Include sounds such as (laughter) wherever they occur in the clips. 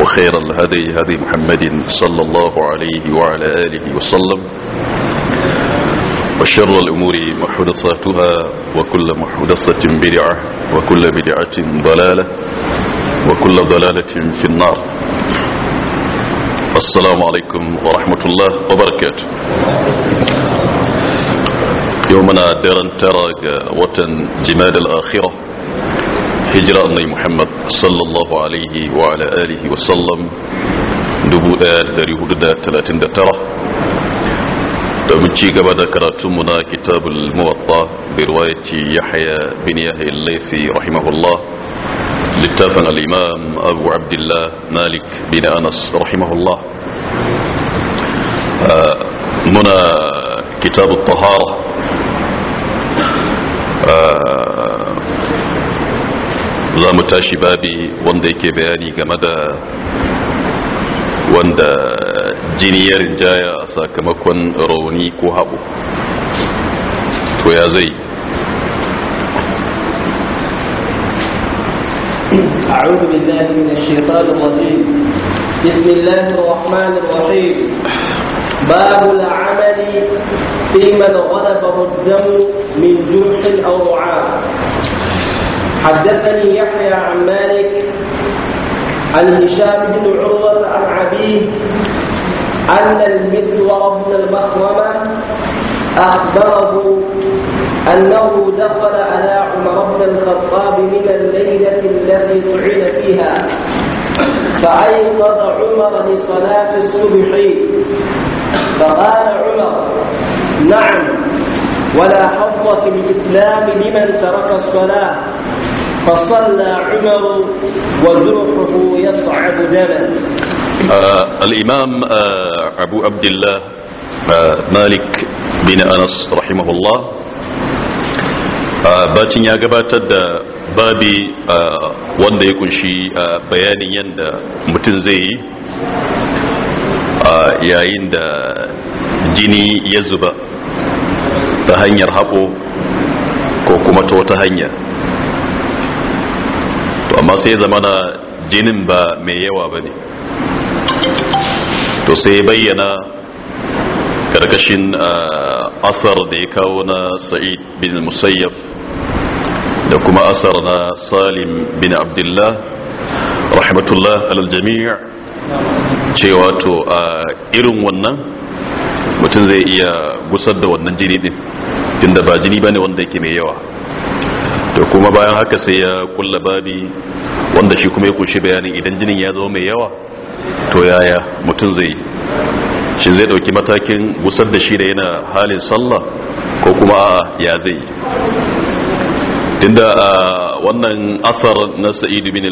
وخير الهدي هدي محمد صلى الله عليه وعلى آله وسلم وشر الأمور محدثاتها وكل محدثة بدعة وكل بدعة ضلالة وكل ضلالة في النار السلام عليكم ورحمة الله وبركاته يومنا ديرن ترى وطن جمال الآخرة hijira annai muhammad sallallahu alaihi wa ala alihi wa sallam 1439 domin ci gaba da karatunmu na kitabul muwatta bi riwayati yahya bin yahya al-laythi rahimahullah littafin al-imam abu abdullah malik bin anas rahimahullah muna kitabut tahara za mu tashi babi wanda yake bayani game da wanda jiniyar jaya a sakamakon rauni ko haɓu to ya zai أعوذ بالله من الشيطان الرجيم بسم الله الرحمن الرحيم باب العمل في من غلبه الدم من جرح أو رعاة حدثني يحيى عن مالك عن هشام بن عروة عن عبيد أن المزور بن المخرمة أخبره أنه دخل على عمر بن الخطاب من الليلة التي طعن فيها فأيقظ عمر لصلاة الصبح فقال عمر نعم ولا حظ في الإسلام لمن ترك الصلاة فصلى عمر وذرفه يصعد جبل آه، الإمام آه، أبو عبد الله آه، مالك بن أنس رحمه الله باتن يا قباتد بابي وند يكون شي بياني يند متنزي يا يند جيني يزبا تهنير هابو كوكومتو تهنير amma sai zama na jinin ba mai yawa ba ne to sai bayyana karkashin ah, asar da ya kawo na sa'id bin musayyaf da kuma asar na salim bin abdullah rahmatullah aljami'a cewa to a ah, irin wannan mutum zai iya gusar da wannan jini din tunda ba jini ba ne wanda yake mai yawa to kuma bayan haka sai ya kulla babi wanda shi kuma ya kunshi bayanin idan jinin ya zama mai yawa to yaya mutum zai shi zai dauki matakin gusar da shi da yana halin sallah ko kuma ya zai tunda wannan asar na sa'idu bin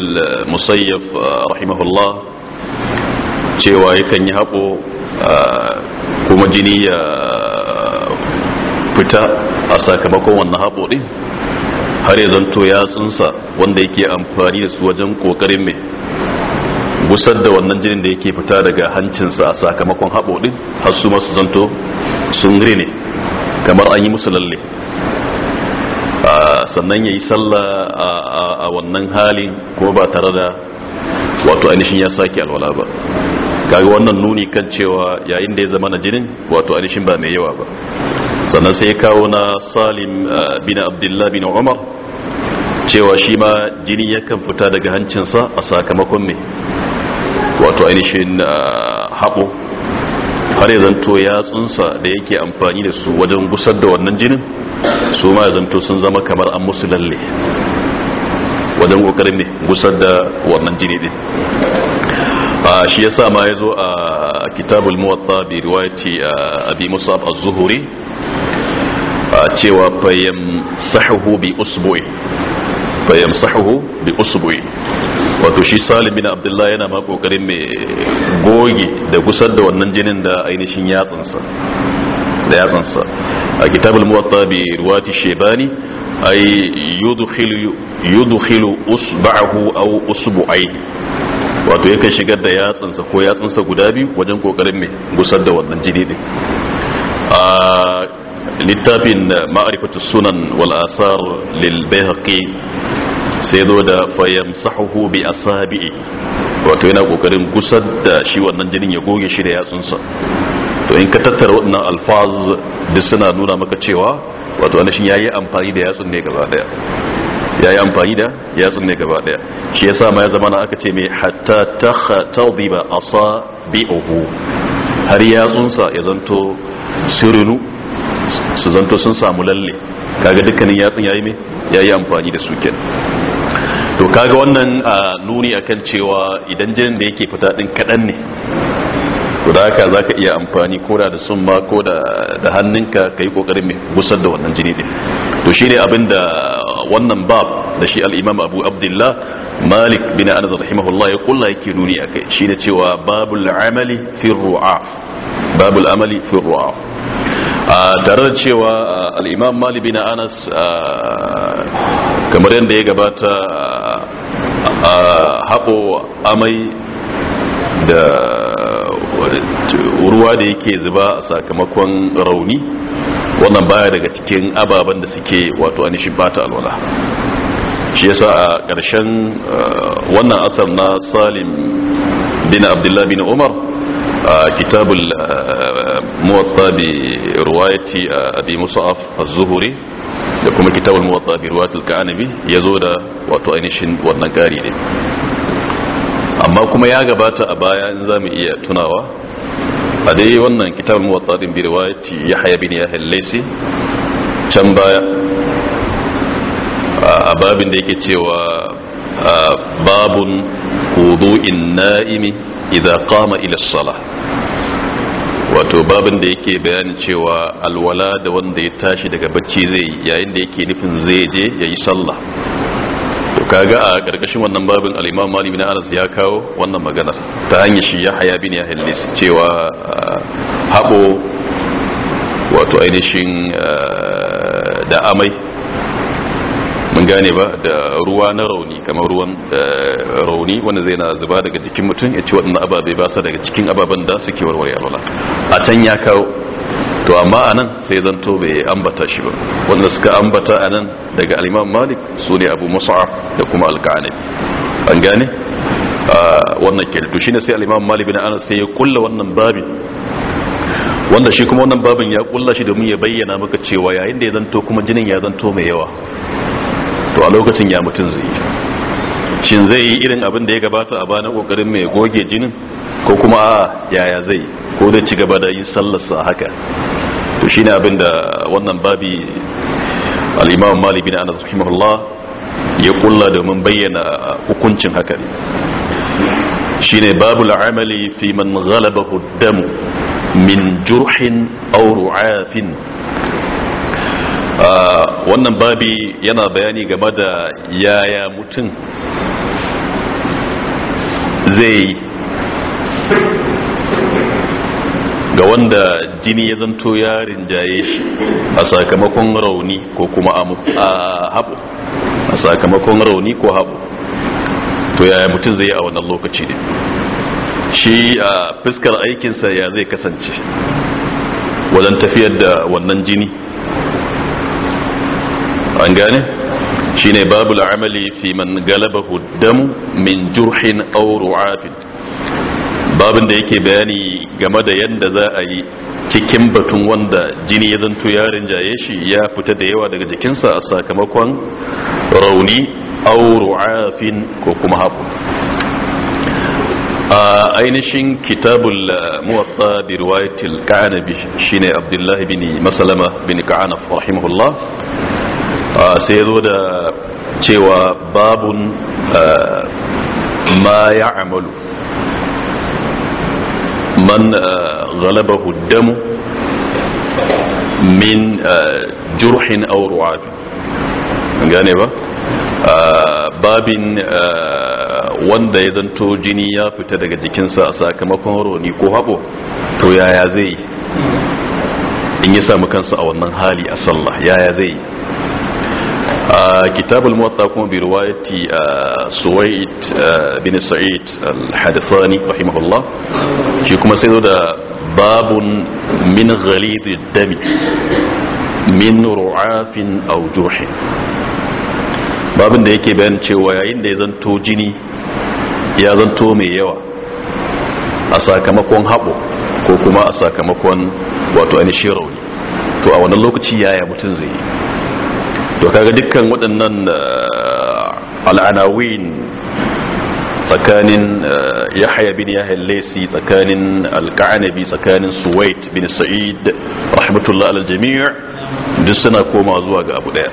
musayyaf rahimahullah cewa yakan yi haƙo kuma jini ya fita a sakamakon wannan haƙo ɗin har ya zanto ya yatsunsa wanda yake amfani da su wajen kokarin mai gusar da wannan jinin da yake fita daga hancinsa a sakamakon haɓoɗin har su masu zanto sun rine kamar an yi musu lalle sannan ya yi sallah a wannan halin ko ba tare da wato ainihin ya sake alwala ba kaga wannan nuni kan cewa yayin da ya zama na jinin wato ainihin ba mai yawa ba sannan sai ya kawo na salim bin abdullahi bin umar cewa shi ma jini yakan fita daga hancinsa a sakamakon mai wato ainihin ah, haɓo har ya zanto yatsunsa da yake amfani da su wajen gusar da wannan jinin su ma ya zanto sun zama kamar an musu lalle wajen ƙoƙarin ne gusar da wannan jini din ah, shi ya sa ma ya zo a kitabul muwatta bi a ah, abi musab az-zuhuri cewa fayyam sahuhu bi usbu'i fayamsahu bi usbu'i wato shi salim bin abdullahi yana ma kokarin mai goge da gusar da wannan jinin da ainihin yatsansa da yatsansa a kitabul muwatta bi ruwati shebani ay yudkhilu yudkhilu usba'ahu aw usbu'ai wato yakan shigar da yatsansa ko yatsansa guda biyu wajen kokarin mai gusar da wannan jini din a littafin ma'arifatu sunan wal asar lil bayhaqi sai zo da fayyam sahuhu bi asabi'i wato yana kokarin gusar da shi wannan jinin ya goge shi da yatsunsa to in ka tattara wannan alfaz da suna nuna maka cewa wato wani shi ya yi amfani da yatsun ne gaba daya ya yi amfani da yatsun ne gaba daya shi ya sa ma ya zama na aka ce mai hatta ta tawdiba asabi'uhu har yatsunsa ya zanto sirinu su zanto sun samu lalle kaga dukkanin yatsun yayi ya yayi amfani da su kenan to kaga wannan nuni akan cewa idan jinin da yake fita din kadan ne to da haka zaka iya amfani koda da summa ko da da hannunka kai kokarin mai gusar da wannan jini din to shine abinda wannan bab da shi al-imam Abu Abdullah Malik bin Anas rahimahullah ya kula yake nuni akai shine cewa babul amali fi ru'a babul amali fi ru'a tare da cewa al Malik bin Anas kamar yadda ya gabata a haɓo amai da ruwa da yake zuba sakamakon rauni wannan baya daga cikin ababen da suke wato an bata alwala shi yasa a ƙarshen wannan asar na salim bin abdullahi bin umar kitabul muwatta bi ruwayati abi musa'af az-zuhri da kuma kitabul muwatta bi ruwatul kanabi yazo da wato ainihin wannan gari ne amma kuma ya gabata a baya in zamu iya tunawa a dai wannan kitabul muwatta din bi riwayati yahya bin yahya al-laysi can baya a babin da yake cewa babun wudu'in na'imi idza qama ila as-salah wato babin da yake bayani cewa alwala da wanda ya tashi daga bacci zai yayin da yake nufin zai je ya yi sallah to kaga a ƙarƙashin wannan babin al'imam malibin anas ya kawo wannan maganar ta hanyar shi ya haya bin ya hallis cewa ah, haɓo wato ainihin ah, da amai an gane ba da ruwa na rauni kamar ruwan rauni wanda zai na zuba daga jikin mutum ya ci waɗannan ababe ba sa daga cikin ababen da suke warware alwala a can ya kawo to amma a nan sai to bai ambata shi ba wanda suka ambata a nan daga alimam malik su ne abu Musa da kuma alƙa'ani an gane wannan ke to ne sai alimam malik bin anas sai ya kulla wannan babi wanda shi kuma wannan babin ya kulla shi domin ya bayyana maka cewa yayin da ya zanto kuma jinin ya zanto mai yawa to a lokacin ya mutum zai shin zai yi irin abin da ya gabata a bana kokarin mai goge jinin ko kuma a yaya zai ko da ci gaba da yin sallarsa haka to shine abin da wannan babi al-imam malik bin anas rahimahullah ya kulla domin bayyana hukuncin haka shine babul amali fi man ghalabahu damu min jurhin aw ru'afin ah, wannan babi yana bayani game da yaya mutum zai ga wanda jini ya zanto ya rinjaye shi a sakamakon rauni ko kuma a haɓu a sakamakon rauni ko haɓu to yaya mutum zai yi a wannan lokaci ne shi a fuskar aikinsa ya zai kasance wajen tafiyar da wannan jini an gane shine babu amali fi man galabahu damu min jurhin aw ru'afin babin da yake bayani game da yadda za a yi cikin batun wanda jini ya zanto ya rinjaye shi ya fita da yawa daga jikinsa a sakamakon rauni aw ru'afin ko kuma haɓu a ainihin kitabul muwatta bi riwayatil ka'anabi shine abdullahi bin masalama bin ka'anaf rahimahullah Ah, sai zo da cewa babun ah, ma ya amalu man ah, Galaba damu min jurhin auruwa gane ba babin wanda ya zanto jini ya fita daga jikinsa a sakamakon roni ko haɓo to yaya zai in yi samu kansa a wannan hali a sallah yaya zai yi كتاب الموطا كون برواية سويد بن سعيد الحدثاني رحمه الله شكما سيدو باب من غليظ الدم من رعاف أو جرح babin da yake bayan cewa yayin da ya zanto jini ya zanto mai yawa a sakamakon haɓo ko kuma a sakamakon wato ainihin rauni to a wannan lokaci yaya mutum zai yi to kaga dukkan waɗannan eh, al'anawin tsakanin eh, yahya bin yahya laisi tsakanin alka'anabi tsakanin suwait bin sa'id rahmatullah aljami' duk suna koma zuwa ga abu daya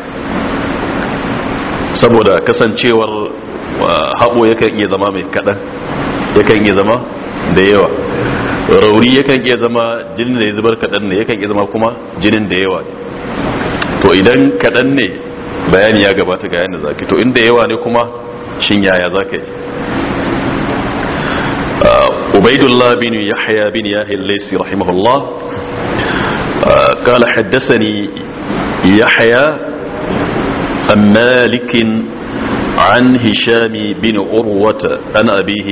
saboda kasancewar eh, haɓo yakan iya zama mai kaɗan yakan iya zama da yawa rauni yakan iya zama jinin da ya zubar kaɗan ne yakan iya zama kuma jinin da yawa to idan kaɗan ne bayani ya gabata ga yadda zaki to inda yawa ne kuma shin yaya zaka yi ubaidullah bin yahya bin yahya al-laysi rahimahullah قال حدثني يحيى عن مالك عن هشام بن عروة عن أبيه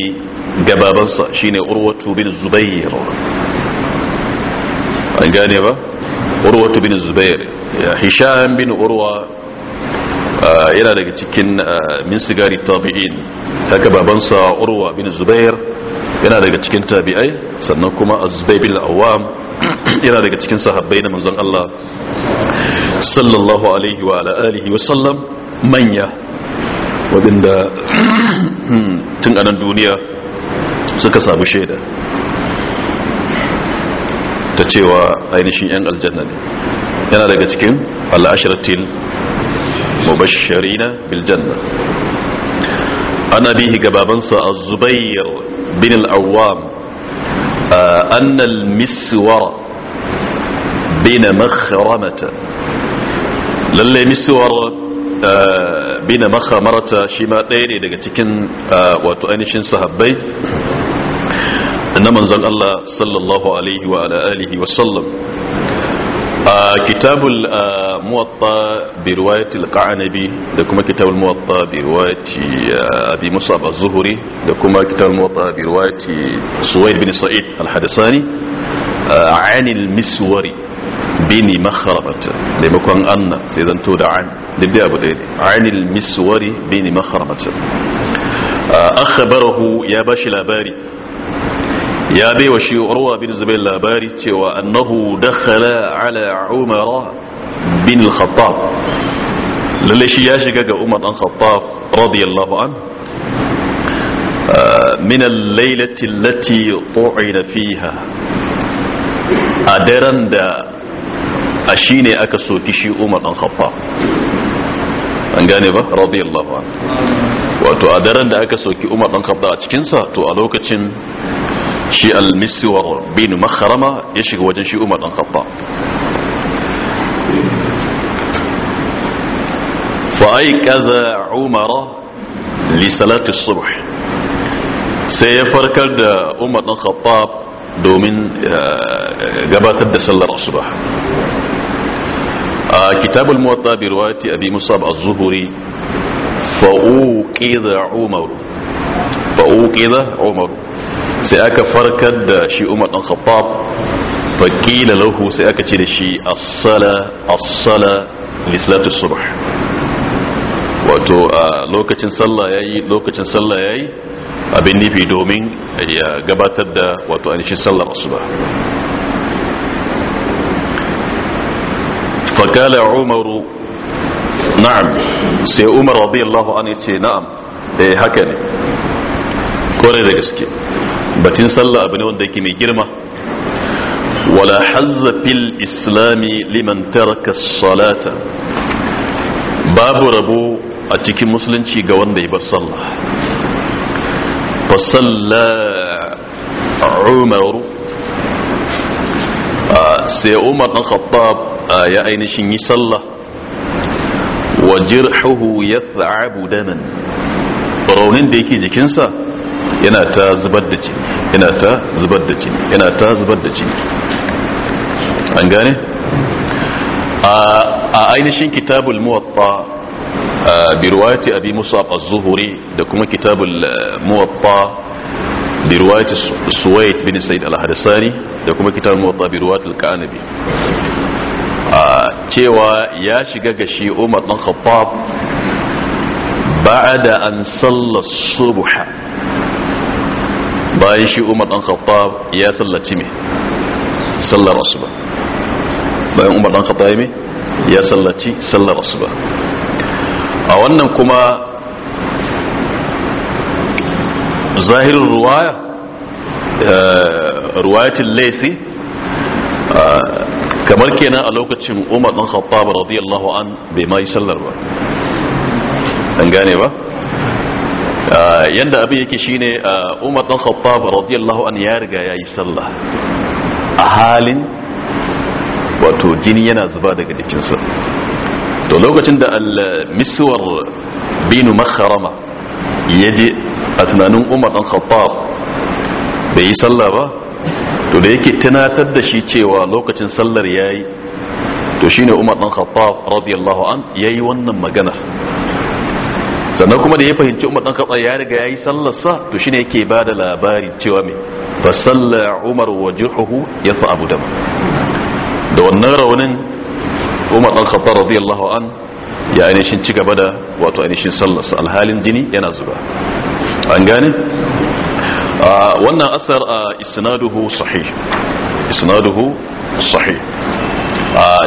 جبابنسا شين عروة بن الزبير an gane ba urwa bin zubair hisham bin urwa yana daga cikin min sigari tabi'in haka babansa urwa bin zubair yana daga cikin tabi'ai sannan kuma azubai bin awam (clears throat) yana daga cikin sahabbai na manzon Allah sallallahu alaihi wa alihi wa sallam manya wadanda (clears throat) tun anan duniya suka samu shaida cewa ainihin yan aljanna ne yana daga cikin al'ashiratil mubashari na biljanna an bihi gababansa a zubayyar bin al uh, annal misuwar bin بن Lallai misuwar uh, bin بن shi ma ɗaya ne daga cikin uh, wato ainihin sahabbai na manzon Allah sallallahu alaihi wa ala alihi wa sallam a kitabul muwatta bi riwayati al-qanabi da kuma kitabul muwatta bi riwayati abi musab az-zuhri da kuma kitabul muwatta bi riwayati suwayd bin sa'id al-hadisani an al-miswari bin makhramata maimakon anna sai zanto da an dibbi abu ɗaya ne an al-miswari bin makhramata akhbarahu ya bashi labari يا بي وشي أروى بن زبيل الله أنه دخل على عمر بن الخطاب لليشي ياشي قاقى عمر أن خطاب رضي الله عنه آه، من الليلة التي طعن فيها أدران دا أشيني أكسو تشي عمر أن خطاب أنقاني با رضي الله عنه وتو أدران دا أكسو كي عمر بن الخطاب أتكنسا تو ألوكتين شيء المسي وبين مخرمه يشك هو شيء عمر بن الخطاب كذا عمر لصلاه الصبح سيفرك عمر بن الخطاب دومين جبات آه، الدسل الصبح آه، كتاب الموطا برواية أبي مصعب الزهري فأوقذ عمر فأوقذ عمر sai aka farkar da shi umar ɗan khattab faƙila lahu sai aka ce da shi assala assala lislatu subh wato a lokacin sallah yayi lokacin sallah yayi abin nufi domin ya gabatar da wato anishin sallar asuba faƙala umaru na'am sai umar radiyallahu an yace na'am eh haka ne kore da gaske batun sallah abu ne wanda yake mai girma wala hazza fil islami liman taraka salata babu rabo a cikin musulunci ga wanda ya bar sallah fa salla umar sai umar dan khattab ya ainihin yi sallah wa jirhuhu yath'abu daman raunin da yake jikinsa yana ta zubar da jini yana ta zubar da jini yana ta zubar da jini an gane a ainihin kitabul muwatta bi riwayati abi musab az-zuhri eh, da kuma kitabul muwatta bi riwayati suwayd bin sa'id al-harsani da kuma kitabul muwatta bi riwayati al-kanabi cewa ya shiga ga Umar dan Khattab ba'da an salla subha bayan shi umar dan khattab ya sallaci me sallar ba bayan umar dan khattab me ya sallaci sallar ba. a wannan kuma zahirin ruwaya eh, ruwayatin laisi eh, kamar kenan a lokacin umar dan khattab radiyallahu an bai mai sallar ba an gane ba Ah, yanda abin yake shine ah, Umar dan Khattab radiyallahu an ya riga yayi sallah a halin wato jini yana zuba daga jikinsa to lokacin da al-Miswar bin Makhrama yaje a tunanin Umar dan Khattab bai yi sallah ba to da yake tunatar da shi cewa lokacin sallar yayi to shine Umar dan Khattab radiyallahu an yayi wannan magana sannan kuma da ya fahimci umar dan katsa ya riga ya yi sa to shi ne yake bada labarin cewa me fa salla umar wajhuhu yata'abu dam da wannan raunin umar dan khattab radiyallahu an ya ainihin ci gaba da wato ainihin sallar sa alhalin jini yana zuba an gane wannan asar a isnaduhu sahih isnaduhu sahih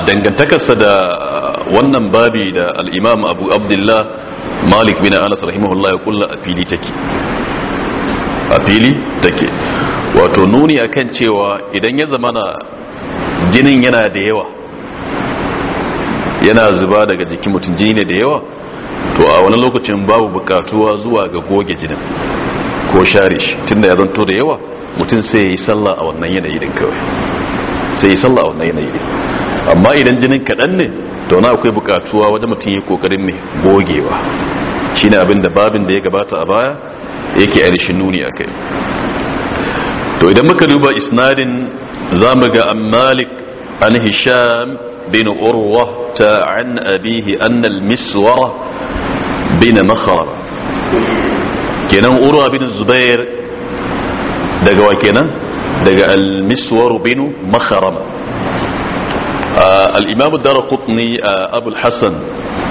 dangantakarsa da wannan babi da al'imam abu Abdullahi. malik bin anas rahimahullah ya kulla a fili take a fili take wato nuni akan cewa idan ya zamana jinin yana da yawa yana zuba daga jikin mutum jini ne da yawa to a wani lokacin babu bukatuwa zuwa ga goge jinin ko share shi tunda ya zanto da yawa mutum sai ya yi sallah a wannan yanayi din kawai sai ya yi sallah a wannan yanayi din amma idan jinin kaɗan ne to na akwai bukatuwa wajen mutum ya kokarin ne gogewa shine abin da babin da ya gabata a baya yake alishin nuni kai to idan muka duba isnadin zamu ga an malik an hisham bin urwa ta an abihi an miswara bin makhrara kenan urwa bin zubair daga wa kenan daga al-miswar bin makhrama ah, al-imam ad-darqutni ah, abul hasan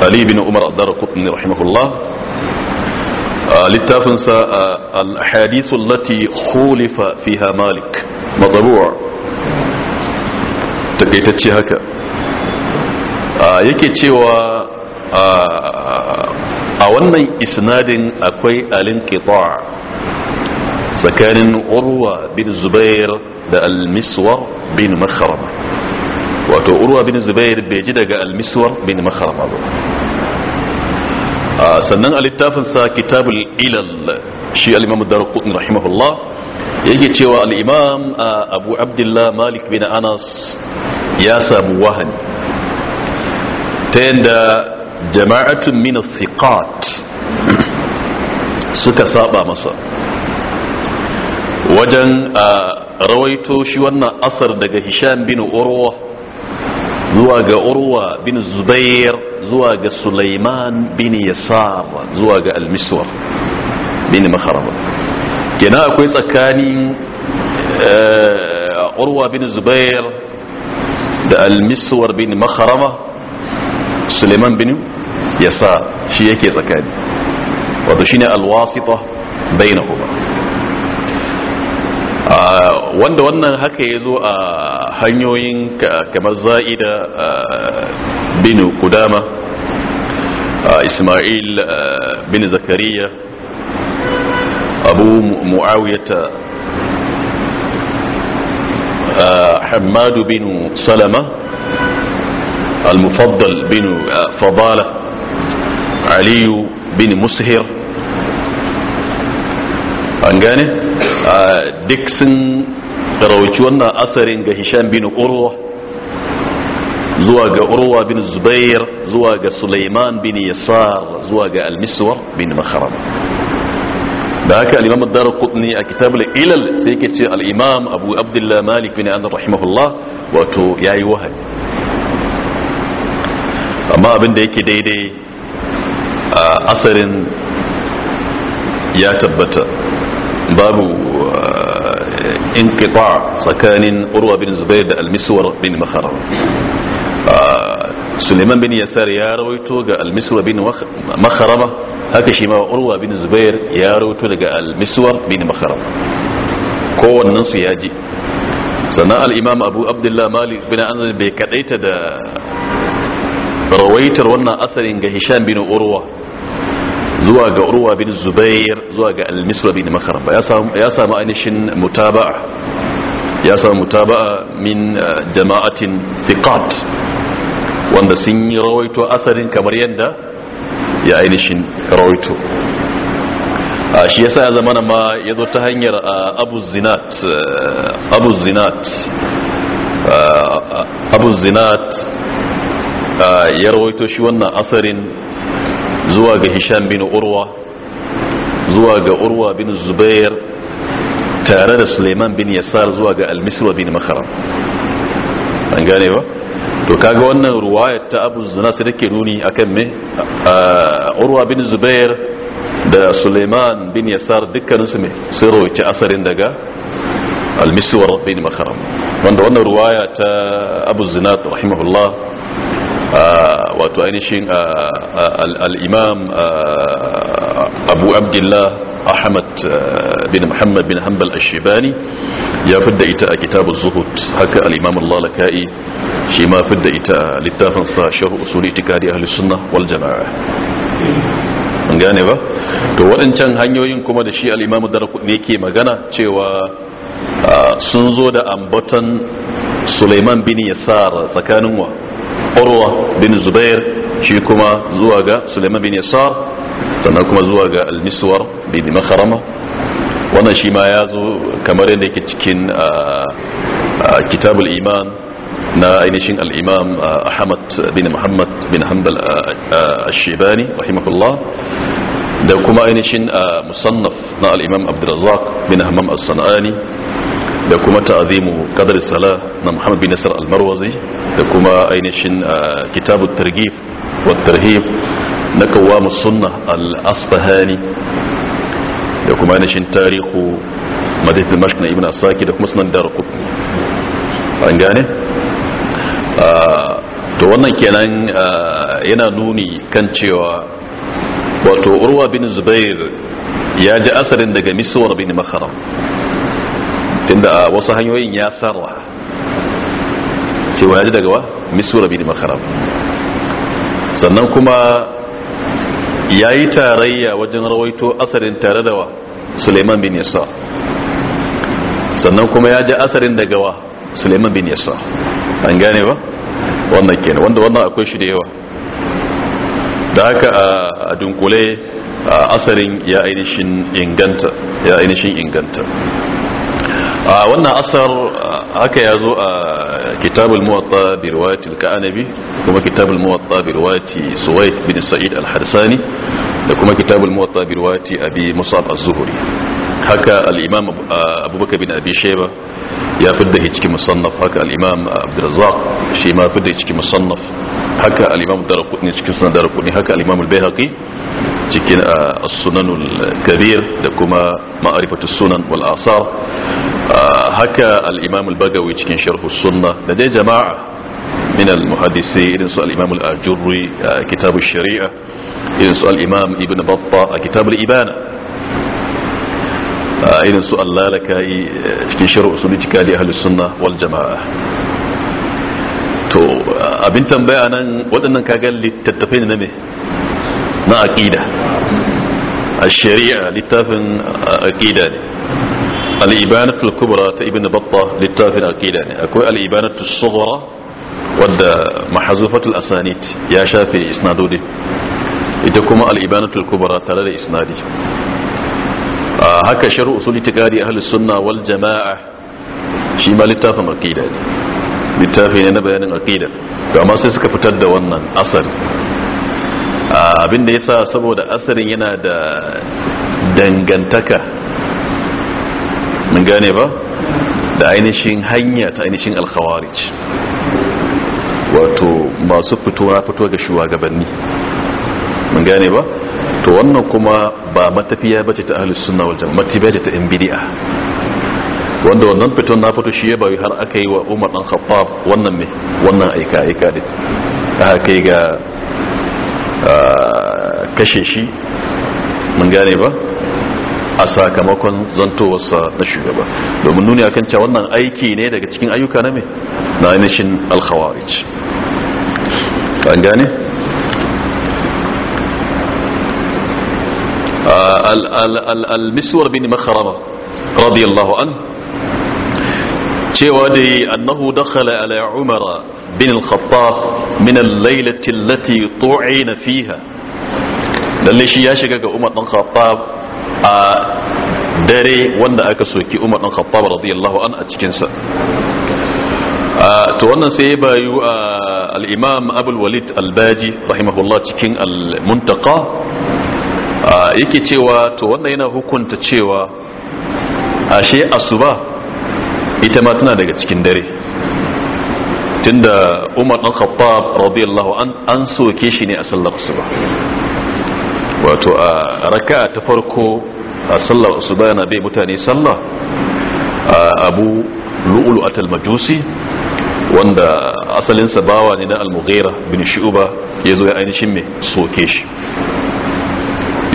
علي بن عمر الدار قطني رحمه الله آه، للتافنس آه، الحديث التي خولف فيها مالك مضبوع تكيت تشيهك آه، يكي تشيوى أولي إسناد أكوي الانقطاع سكان أروى بن الزبير المسور بن مخرم وتؤروى بن الزبير بيجدك المسور بن مخرم Ah, sannan a littafinsa kitabul ilal shi al-imam darqutni rahimahullah yake cewa al-imam ah, abu abdullah malik bin anas ya samu wahani ta yanda jama'atun min thiqat suka saba masa wajen ah, rawaito shi wannan asar daga hisham bin urwa zuwa ga urwa bin zubair zuwa ga Sulaiman bin Yasar zuwa ga Al-Miswar bin Makharab kina akwai tsakanin eh, Urwa bin Zubair da Al-Miswar bin Makharama Sulaiman bin Yasar shi yake tsakani wato shine al-wasita bainahuma ah, wanda wannan haka ya zo a hanyoyin kamar za'ida ah, bin kudama آه، إسماعيل آه، بن زكريا أبو معاوية آه، حماد بن سلمة المفضل بن فضالة علي بن مسهر أنجاني دكسن duk sun rawaci بن asarin زواج أروى بن الزبير زواج سليمان بن يسار زواج المسور بن مخرم ذاك الإمام الدار القطني الكتاب إلى سيكت الإمام أبو عبد الله مالك بن أنر رحمه الله وتو يا يوهد أما أبن ديك ديدي أثر آه، يا تبت باب آه، انقطاع سكان أروى بن الزبير المسور بن مخرم suleiman bin yasar ya rawaito ga almiswa bin makharaba haka shi ma urwa bin zubair ya rawaito daga almiswa bin makharaba kowannen su ya ji sannan al'imam abu abdullah malik bin anas bai kadaita da rawaitar wannan asarin ga hisham bin urwa zuwa ga urwa bin zubair zuwa ga almiswa bin makharaba ya samu ainihin mutaba'a ya samu mutaba'a min jama'atin fiqat wanda sun yi rawaito asarin kamar yadda ya ainihin rawaito shi yasa ya zama ma ya zo ta hanyar abu zinat abu zinat ya rawaito shi wannan asarin zuwa ga hisham bin urwa zuwa ga urwa bin zubair tare da suleiman bin yasar zuwa ga almisra bin makaram an gane ba to kaga wannan ruwayar ta abu zina sai take nuni akan me urwa bin zubair da suleiman bin yasar dukkaninsu me sun rawaci asarin daga almiswar bin makaram wanda wannan ruwaya ta abu zina rahimahullah wato ainihin al'imam abu abdullah ahmad bin muhammad bin hanbal ashebani ya fidda ita a kitabu zuhud haka al'imam allah laka'i shi ma fi da ita littafin sa sharh usul itikadi ahli sunna wal jamaa an gane ba to waɗancan hanyoyin kuma da shi al-imamu ne ke magana cewa sun zo da ambatan Sulaiman bin Yasar tsakanin wa Urwa bin Zubair shi kuma zuwa ga Sulaiman bin Yasar sannan kuma zuwa ga Al-Miswar bin Makharama wannan shi ma ya zo kamar yadda yake cikin kitabul iman na ainihin al'imam ahmad bin muhammad bin hanbal al-shibani rahimahullah da kuma ainihin musannaf na al'imam abdulazak bin hammam al-sana'ani da kuma ta'azimu qadar salah na muhammad bin nasar al-marwazi da kuma ainihin al-targhib wa al tarhib na kawamu sunnah al-asfahani da kuma ainihin tarihu madhhab al na ibn asaki da kuma sunan darqutni an gane Ah, to wannan kenan ah, yana nuni kan cewa wato urwa bin zubair ya ji asarin daga miswar bin makaram tunda a wasu hanyoyin ya sarwa cewa ya ji daga wa miswar bin makaram sannan kuma ya yi tarayya wajen rawaito asarin tare da wa suleiman bin yasa sannan kuma ya ji asarin daga wa suleiman bin yasa an gane ba wannan ke wanda wannan akwai shi da yawa da haka a dunkule asarin ya ainihin inganta ya ainihin inganta a wannan asar haka ya zo a kitabul muwatta bi riwayat al-ka'anabi kuma kitabul muwatta bi riwayat suwayd bin sa'id al-harsani da kuma kitabul muwatta bi riwayat abi musab az-zuhri haka al'imam abubakar bin abi sheba ya fidda shi cikin musannaf haka al'imam abdulrazak shi ma fidda shi cikin musannaf haka al'imam darakuni cikin sunan darakuni haka al'imam al-bayhaqi cikin sunanul kabir da kuma ma'arifatu sunan wal asar haka al'imam al-bagawi cikin sharhu sunna da dai jama'a min al-muhaddisi irin su al-imam al-ajurri kitabu shari'a irin su al-imam ibn batta a kitabul ibana irin su Allah lakayi cikin shirin usuli tikali ahlus sunna wal jama'a to abin tambaya nan waɗannan kagan littattafai ne na me na aqida ash-shari'a littafin aqida ne al-ibanatu al-kubra ta ibn batta littafin aqida ne akwai al-ibanatu as-sughra wadda mahzufatu al-asanid ya shafe isnadodi ita kuma al-ibanatu al-kubra tare da isnadi haka sharu usul itiqadi ahlus sunna wal jama'a shi ma littafin aqida ne littafi ne na bayanin aqida to amma sai suka fitar da wannan asar abin da yasa saboda asarin yana da dangantaka mun gane ba da ainihin hanya ta ainihin alkhawarij wato masu fito na fito ga shugabanni mun gane ba to wannan kuma ba matafiya bace ta ahalus suna wajen matafiya matafiya ta yan bidiya wanda wannan fito na fito shi ya bawi har aka yi wa Umar dan Khattab wannan ne wannan aika aika din aka kai ga kashe shi mun gane ba a sakamakon zantowarsa na shugaba domin nuni akan cewa wannan aiki ne daga cikin ayyuka na mai na ainihin alkhawarici an gane المسور بن مخرمة رضي الله عنه جوادي أنه دخل على عمر بن الخطاب من الليلة التي طعين فيها لليش ياشكك أمت الخطاب آه، داري وانا أكسوك أمت الخطاب رضي الله عنه أتكنسا آه، توانا سيبا آه، الإمام أبو الوليد الباجي رحمه الله تكين المنتقى Ah, yake cewa to wannan yana hukunta cewa ashe ah, asuba ita ma tana daga cikin dare tunda umar dan khattab radiyallahu an an soke shi ne a sallar asuba wato a ah, raka'a ta farko a sallar asuba yana bai mutane sallah abu lu'ulu atal majusi wanda asalinsa bawa ne na al-mughira bin shu'ba yazo ya ainihin mai soke shi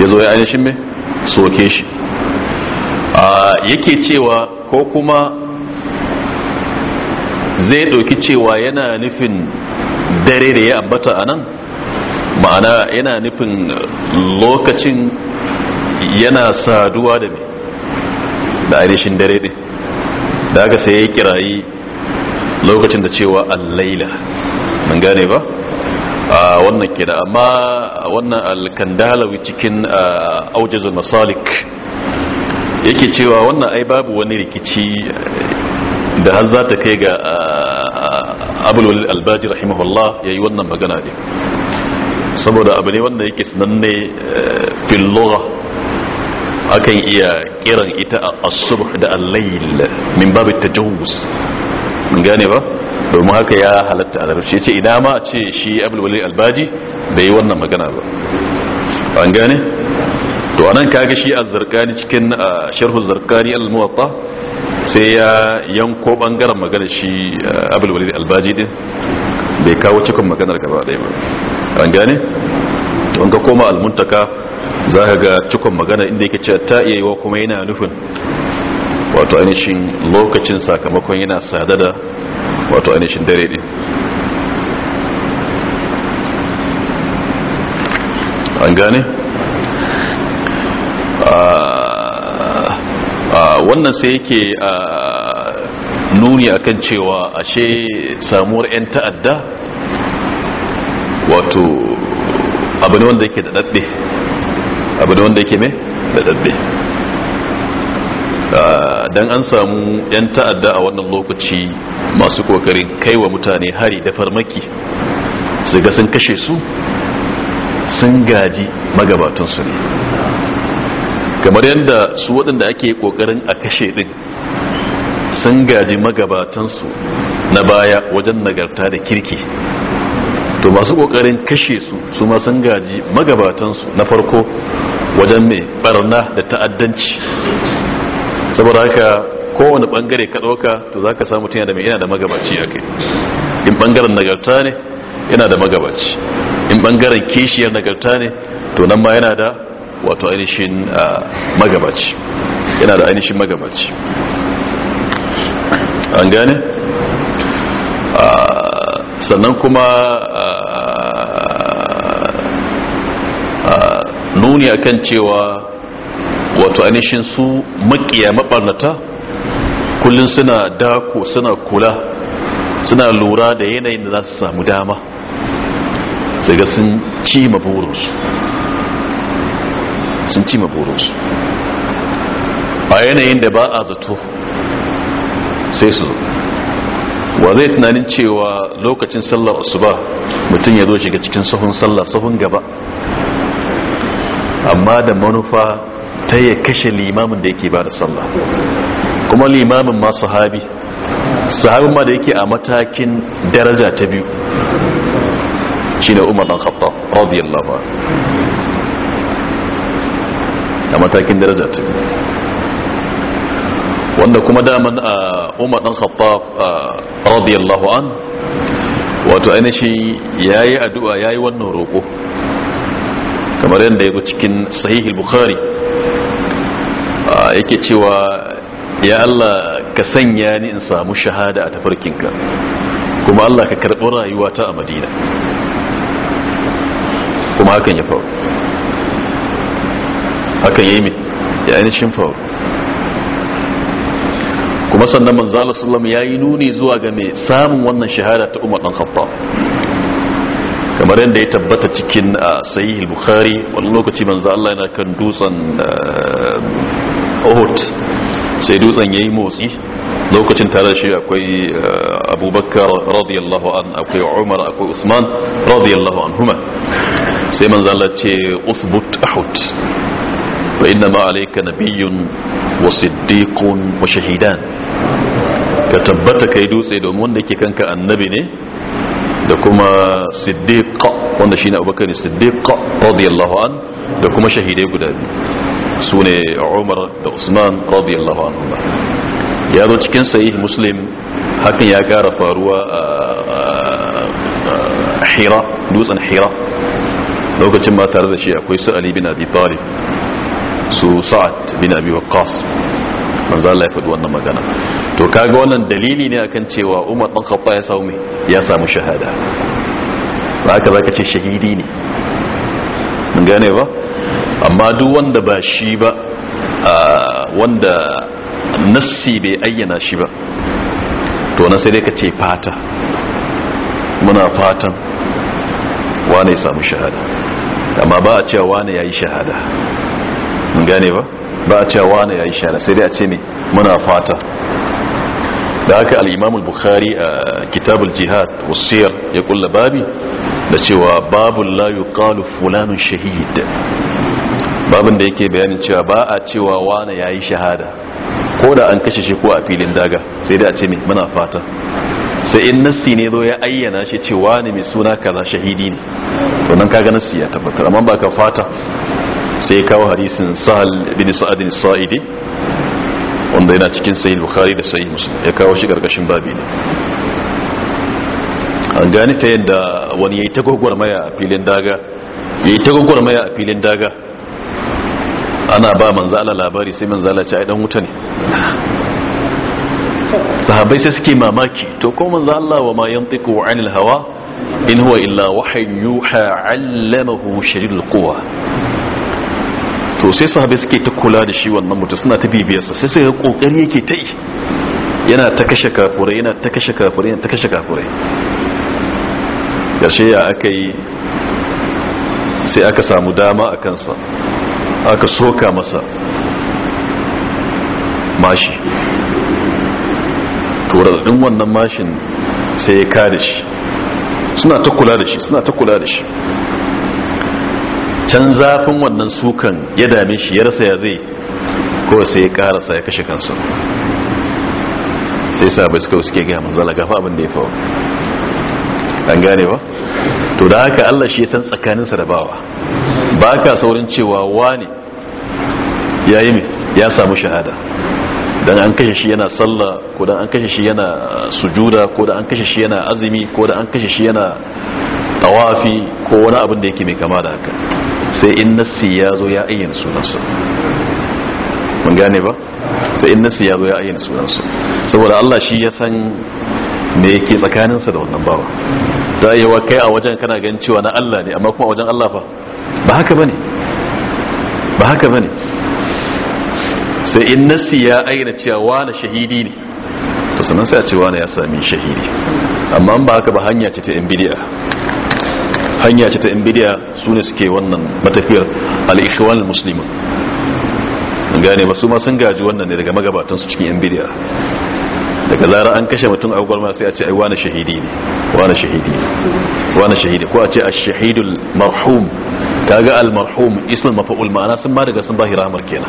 ya zo ya ainihin mai soke shi A yake cewa ko kuma zai ɗauki cewa yana nufin dare da ya ambata a nan ma'ana yana nufin lokacin yana saduwa da mai da ainihin dare ɗin da aka sai ya kirayi lokacin da cewa allaila mun gane ba wannan kira amma wannan alkandalawi cikin aujazul masalik yake cewa wannan ai babu wani rikici da har za ta kai ga abulwal albaji rahimahullah ya yi wannan magana ne saboda abu ne wanda yake sananne filora akan iya kiran ita a asubh da al min babu tajawuz mun gane ba domin haka ya halatta a larabci ce ina ma a ce shi abulwali albaji bai yi wannan magana ba an gane to anan kaga shi a azzarkani cikin a sharhu zarkani al-muwatta sai ya yanko bangaren magana shi abulwali albaji din bai kawo cikin maganar gaba ɗaya ba an gane to an ka koma almuntaka za ka ga cikon magana inda yake ce ta iya yiwa kuma yana nufin wato ainihin lokacin sakamakon yana sadada wato ainihin dare ne an gane ah, ah, wannan sai yake ah, nuni akan cewa ashe samuwar 'yan ta'adda wato abu ne wanda yake da dadde abu ne wanda yake mai da dadde dan an samu 'yan ta'adda a wannan lokaci masu kokarin wa mutane hari da farmaki su ga sun kashe su sun gaji magabatansu ne kamar yadda su waɗanda ake kokarin a kashe ɗin sun gaji magabatansu na baya wajen nagarta da kirki to masu kokarin kashe su su ma sun gaji magabatansu na farko wajen mai barna da ta'addanci saboda haka kowane bangare ka dauka to za ka samu tana da mai yana da magabaci a kai in bangaren nagarta ne yana da magabaci in bangaren kishiyar nagarta ne to nan ma yana da wato ainihin magabaci yana da ainihin magabaci an gane sannan kuma nuni akan cewa wato ainihin su makiya mabarnata kullum suna dako suna kula suna lura da yanayin da za su samu dama sai ga sun ci maburinsu sun ci maburinsu a yanayin da ba a zato sai su wa zai tunanin cewa lokacin sallar su ba mutum ya zo shiga cikin sahun sallar sahun gaba amma da manufa ta yi kashe limamin da yake ba da sallah kuma limamin ma sahabi sahabin ma da yake a matakin daraja ta biyu shi ne umar dan khattab radiyallahu anhu a matakin daraja ta biyu wanda kuma daman a umar dan khattab radiyallahu an wato ainihin yayi addu'a yayi wannan roko kamar yadda ya cikin al bukhari yake cewa ya Allah ka sanya ni in samu shahada a tafarkinka kuma Allah ka karɓi rayuwata a madina kuma hakan ya faru hakan ya yi mai ya ainihin faru kuma sannan manzala sallam ya yi nuni zuwa ga mai samun wannan shahada ta umar dan khattab kamar yadda ya tabbata cikin a ah, sayi bukhari wani lokaci manzo Allah yana kan dutsen ah, uhud sai dutsen ya yi motsi lokacin tare shi akwai eh, abubakar radiyallahu an akwai umar akwai usman radiyallahu an huma sai manzala ce usbut ahud fa inna ma alayka nabiyyun wa siddiqun wa shahidan ka tabbata kai dutse domin wanda yake kanka annabi ne da kuma siddiq wanda shine abubakar siddiq radiyallahu an da kuma shahidai guda biyu su ne umar da usman radiyallahu anhu ya zo cikin sahih muslim hakan ya kara faruwa a hira dutsen hira lokacin ma tare da shi akwai su ali bin abi talib su sa'ad bin abi Waqas manzo Allah ya wannan magana to kaga wannan dalili ne akan cewa Umar dan Khattab ya samu ya samu shahada ba haka zaka ce shahidi ne mun gane ba amma duk wanda ba shi ba wanda nassi bai ayyana shi ba to na sai dai ka ce fata muna fatan wane ya samu shahada amma ba a cewa wane ya yi shahada gane ba ba a cewa wane ya yi shahada sai dai a ce ne muna fata da haka al'imamul bukhari a kitabul jihad wasiyar ya kulla babi da cewa babu layu kalu fulanun shahid babin da yake bayanin cewa ba a cewa wane ya yi shahada ko da an kashe shi ko a filin daga sai dai a ce mai muna fata sai in nassi ne zo ya ayyana shi ce wane mai suna kaza shahidi ne wannan kaga nassi ya tabbatar amma ba ka fata sai kawo hadisin sahal bin sa'adin sa'idi wanda yana cikin sahih bukhari da sahih muslim ya kawo shi karkashin babi ne an gane ta yadda wani yayi tagogwar maya a filin daga yayi tagogwar maya a filin daga ana ba manzala labari sai manzala ce ai dan wuta ne sahabbai sai suke mamaki to ko manzo Allah wa ma yantiqu anil hawa in huwa illa wahyin yuha allamahu shadidul quwa to sai sahabbai suke ta kula da shi wannan mutum suna ta bibiyarsa sai sai kokari yake ta yi yana ta kashe kafurai yana ta kashe kafurai yana ta kashe kafurai ya aka sai aka samu dama a kansa aka soka masa mashi turadadin wannan mashin sai ya kare shi suna ta kula da shi suna ta kula da shi can zafin wannan sukan ya dame shi ya rasa ya zai ko sai ya karasa ya kashe kansu sai sabis kawai suke gaya manzala gafa abin da ya faru an gane ba to da haka allah shi ya san tsakaninsa da bawa ba ka saurin cewa wani ya yi ya samu shahada don an kashe shi yana sallah ko don an kashe shi yana uh, sujuda ko don an kashe shi yana azumi ko don an kashe shi yana tawafi ko wani abin da yake mai kama da haka sai in nassi ya zo ya ayyana sunansa mun gane ba sai in nassi ya zo ya ayyana sunansu saboda Allah shi ya san me yake tsakaninsa da wannan bawa ta yi wa kai a wajen kana gan cewa na Allah ne amma kuma a wajen Allah fa ba haka bane ba haka bane sai in nasi ya aina cewa wani shahidi ne to sannan sai a ce wani ya sami shahidi amma ba haka ba hanya ce ta nvidia hanya ce ta nvidia su ne suke wannan matafiyar al'ishawar musulmi gane ba su ma sun gaji wannan ne daga magabatansu cikin nvidia daga zara an kashe mutum a gwalma sai a ce ai wani shahidi ne wani shahidi wani shahidi ko a ce a shahidul marhum kaga almarhum marhum ismul mafa'ul ma'ana sun ma daga sun bahi rahmar kenan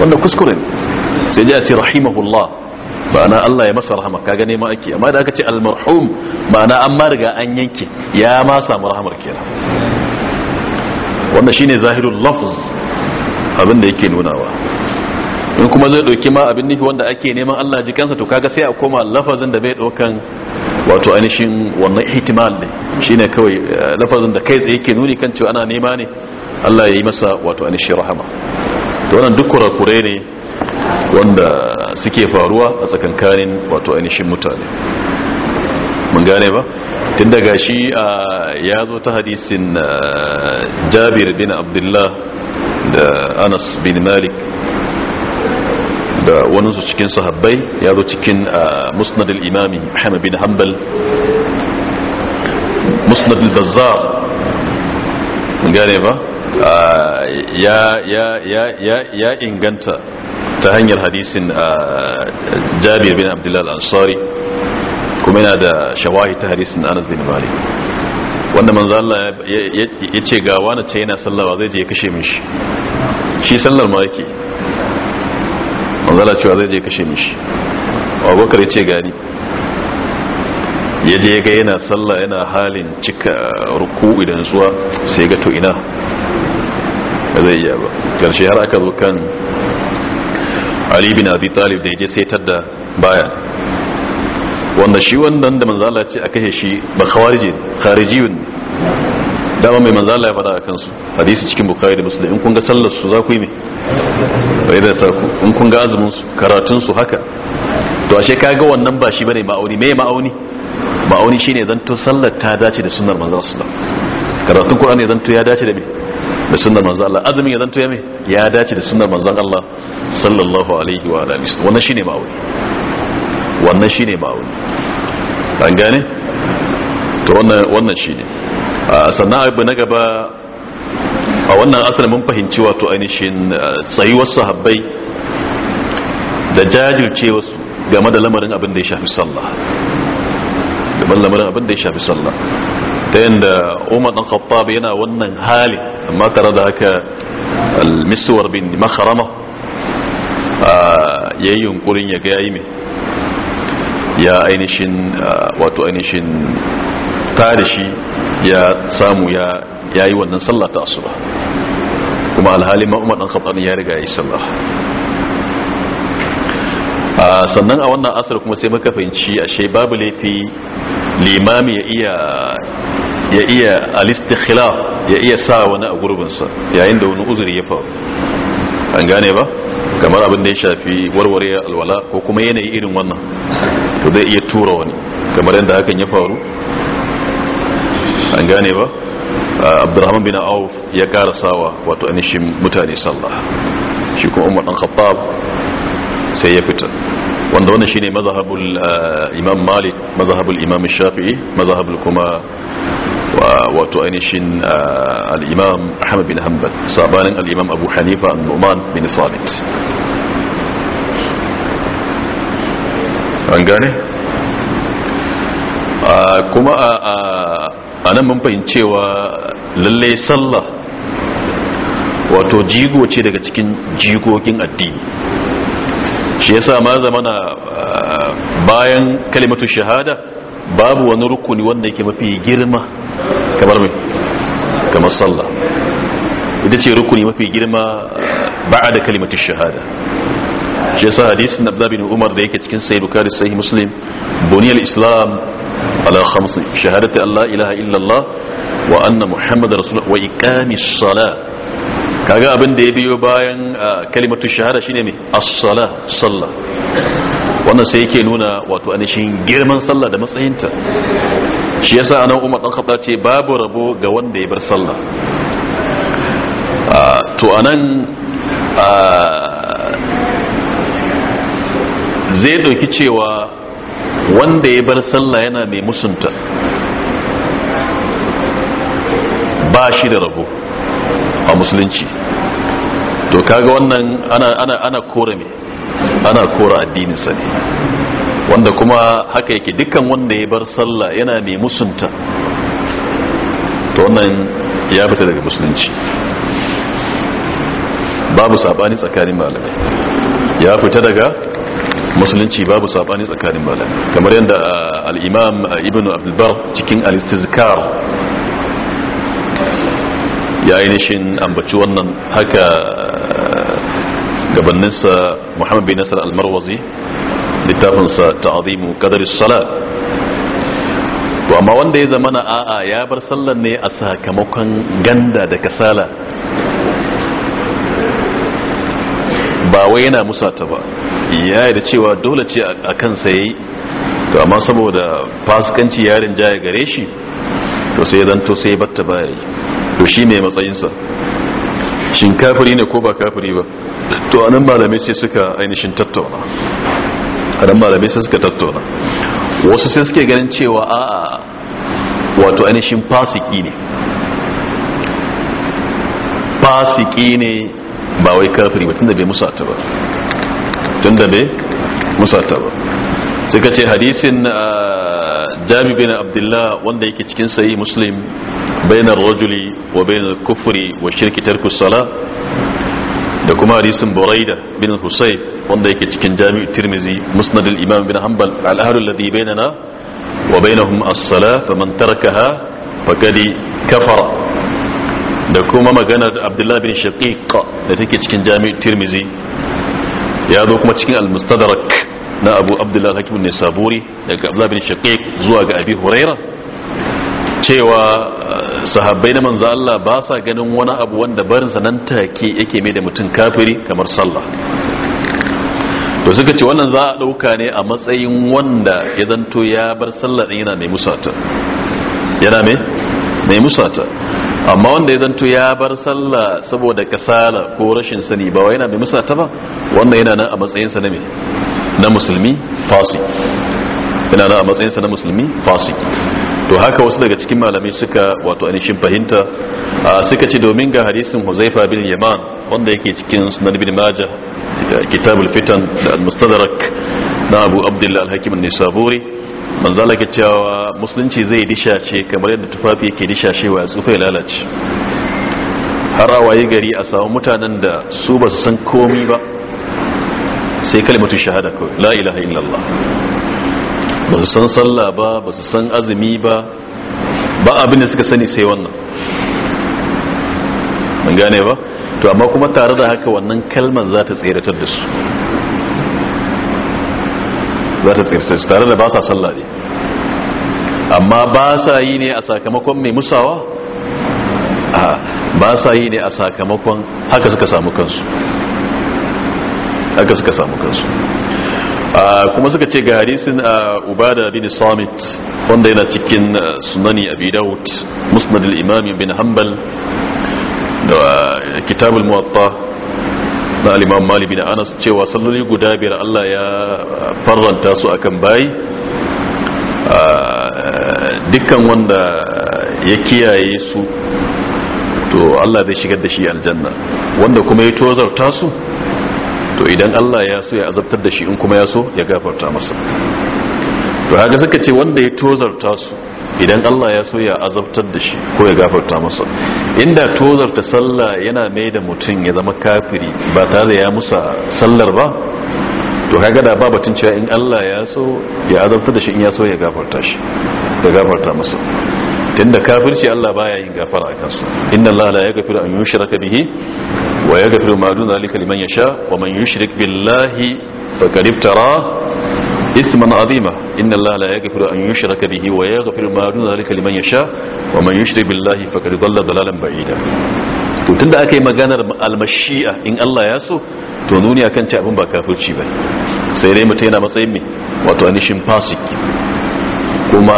wanda kuskure sai ji a ce rahimahullah ma'ana Allah ya masa rahama kaga ne ma ake amma da aka ce almarhum ma'ana an ma daga an yanke ya ma samu rahmar kenan wanda shine zahirul lafz abin da yake nunawa in kuma zai dauki ma abin nufi wanda ake neman Allah ji kansa to kaga sai a koma lafazin da bai daukan wato ainihin wannan ihtimal ne shine kawai eh, lafazin da kai tsaye ke nuni kan cewa ana nema ne Allah ya yi masa wato ainihin rahama to wannan duk kurakurai ne wanda suke faruwa a tsakankanin wato ainihin mutane mun gane ba tun daga shi ya zo ta hadisin eh, jabir bin abdullah da anas bin malik da su cikin sahabbai ya zo cikin ah, musnad imami Muhammad bin Hanbal musnad al-Bazzar gane ba ah, ya ya ya inganta ta hanyar hadisin ah, Jabir bin Abdullah al-Ansari kuma yana da shawahi ta hadisin Anas bin Malik wanda manzo Allah ya ce ga wani ce yana sallawa zai je ya kashe mishi shi sallar ma yake manzala cewa zai je kashe mishi abubakar ya ce gani ya je ga yana sallah yana halin cika ruku idan zuwa sai ga to ina ba zai iya ba ƙarshe har aka zo kan ali bin abi talib da ya je saitar da baya wanda shi wannan da manzala ce a kashe shi ba khawarije wani dama mai manzala ya fada a kansu hadisi cikin bukari da musulun in kun ga sallar su za ku yi ne bai da ku in kun ga azumin su karatun su haka to ashe ga wannan ba shi bane ma'auni me ma'auni ma'auni shine zanto sallar ta dace da sunnar manzon sallallahu alaihi wasallam karatun qur'ani zanto ya dace da me da sunnar manzon Allah azumin ya zanto ya me ya dace da sunnar manzon Allah sallallahu alaihi wa alihi wannan shine ma'auni wannan shine ma'auni an gane to wannan wannan shine sannan abu na gaba a wannan asalin mun fahimci wato ainihin eh, tsayuwar sahabbai da wasu game da lamarin abin da ya shafi sallah ban lamarin abin da ya shafi sallah ta yadda umar dan khattab yana wannan hali amma tare da haka al bin bin makharama eh, yayin yunkurin ya ga yayi mai ya ainihin eh, wato ainihin tarishi ya samu ya ya yi wannan sallah ta asuba kuma alhali ma umar ɗan khattab ya riga ya yi sallah sannan a wannan asar kuma sai muka fahimci shai babu laifi limami ya iya ya iya ya iya sa wani a gurbinsa yayin da wani uzuri ya faru an gane ba kamar abin da ya shafi warware alwala ko kuma yanayi irin wannan to zai iya tura wani kamar yadda hakan ya faru an gane ba abdurrahman bin auf ya karasawa wato anishin mutane sallah shi kuma umar dan khattab sai ya fita wanda wannan shine mazhabul imam malik mazhabul imam shafi'i mazhabul kuma wato ainihin al-imam ahmad bin hanbal sabanin al-imam abu hanifa an-numan bin sabit an gane kuma a anan mun fahimcewa lallai sallah wato jigo ce daga cikin jigogin addini shi yasa ma zamana ah, bayan kalimatu shahada babu wani rukuni wanda yake mafi girma kamar mai kamar sallah ita ce rukuni mafi girma ah, ba'a da kalimatu shahada shi yasa hadisin abdullahi bin umar da yake cikin sai bukari sai muslim buniyal islam على خمس شهادة أن لا إله إلا الله وأن محمد رسول الله وإقام الصلاة كاغا أبن دي بيو باين كلمة الشهادة شيني الصلاة صلى wannan sai yake nuna wato anishin girman sallah da matsayinta shi yasa anan umar dan khattab ce babu rabo ga wanda ya bar sallah to zai ɗauki cewa wanda ya bar sallah yana mai musunta ba shi da rabo a musulunci to kaga wannan ana kora ana kora addinin sa ne wanda kuma haka yake dukkan wanda ya bar sallah yana mai musunta to wannan ya fita daga musulunci babu sabani tsakanin malamai ya fita daga musulunci babu sabani tsakanin malamai kamar yadda alimam Ibn abdulbar cikin al-istizkar ya ainihin ambaci wannan haka gabaninsa muhammad bin nasar al littafinsa ta'azimu qadari salat to amma wanda ya zamana a'a ya bar sallar ne a sakamakon ganda da kasala ba wai yana musa ta ba ya yi da cewa dole ce a kansa ya yi to amma saboda fasikanci yarin jaya gare shi to sai zan to sai batta baya yi to shi ne matsayinsa shin kafiri ne ko ba kafiri ba to anan malamai sai suka ainihin tattauna anan malamai sai suka tattauna wasu sai suke ganin cewa a'a wato ainihin fasiki ne fasiki ne ba wai kafiri ba tunda bai musata ba tunda bai musata ba sai ka ce hadisin jami bin abdullah wanda yake cikin sayi muslim bayan rajuli wa bayan kufuri wa shirki tarku sala da kuma hadisin buraida bin husay wanda yake cikin jami tirmizi musnad al-imam bin hanbal al-ahlu alladhi bainana wa bainahum as-salah faman tarakaha faqad kafara da kuma maganar abdullahi bin shaqiq da take cikin jami'i tirmizi ya zo kuma cikin al-mustadrak na abu abdullahi hakim ne saburi daga abdullahi bin shaqiq zuwa ga abi huraira cewa eh, sahabbai na manzo Allah ba sa ganin wani abu wanda barin sa nan take yake mai da mutum kafiri kamar sallah to suka ce wannan za a dauka ne a matsayin wanda ya zanto ya bar sallah din yana mai musata yana mai mai musata amma wanda ya zanto ya bar sallah saboda kasala ko rashin sani ba yana bi musa ta ba wannan yana nan a matsayinsa na me na musulmi fasik yana nan a matsayinsa na musulmi fasik to haka wasu daga cikin malamai suka wato ainihin fahimta suka ce domin ga hadisin huzaifa bin yaman wanda yake cikin sunan bin maja kitabul fitan da al-mustadrak na abu abdullahi al-hakim an-nisaburi manzala ke cewa musulunci zai dishashe kamar yadda tufafi yake dishashe wa tsufa ya lalace har a gari a samu mutanen da su ba su san komi ba sai kalmatu shahada ko la ilaha illallah ba su san sallah ba ba su san azumi ba ba abin da suka sani sai wannan mun gane ba to amma kuma tare da haka wannan kalmar za ta tseratar da su za ta tsirce su tare da ba sa sallah ne amma ba sa yi ne a sakamakon mai musawa ba sa yi ne a sakamakon haka suka samu kansu haka suka samu kansu kuma suka ce ga a ubada bin samit wanda yana cikin sunani abi daud musnad al-imam bin hanbal da kitabul muwatta na aliman malibi na anas cewa salloli guda biyar Allah ya farranta su akan bayi dukkan wanda ya kiyaye su to Allah zai shigar da shi aljanna wanda kuma ya tozarta su to idan Allah ya so ya azabtar da shi in kuma ya so ya gafarta masa to haka suka ce wanda ya tozarta su idan Allah ya so ya azabtar da shi ko ya gafarta masa inda tozarta sallah yana mai da mutum ya zama kafiri ba tare da ya musa sallar ba to kaga da ba batun cewa in Allah ya so ya azabtar da shi in ya so ya gafarta shi ya gafarta masa tunda kafirci Allah baya yin gafara akan sa inna Allah la yaghfiru an yushraka bihi wa yaghfiru ma dun zalika liman yasha wa man yushrik billahi faqad iftara isman azima inna allaha la yaghfiru an yushraka bihi wa yaghfiru ma dun zalika liman yasha wa man yushrik billahi faqad dhalla dalalan ba'ida to tunda aka yi maganar almashi'a in Allah ya so to nuni akan ci abin ba kafirci bane sai dai mutai yana matsayin me wato anishin fasik kuma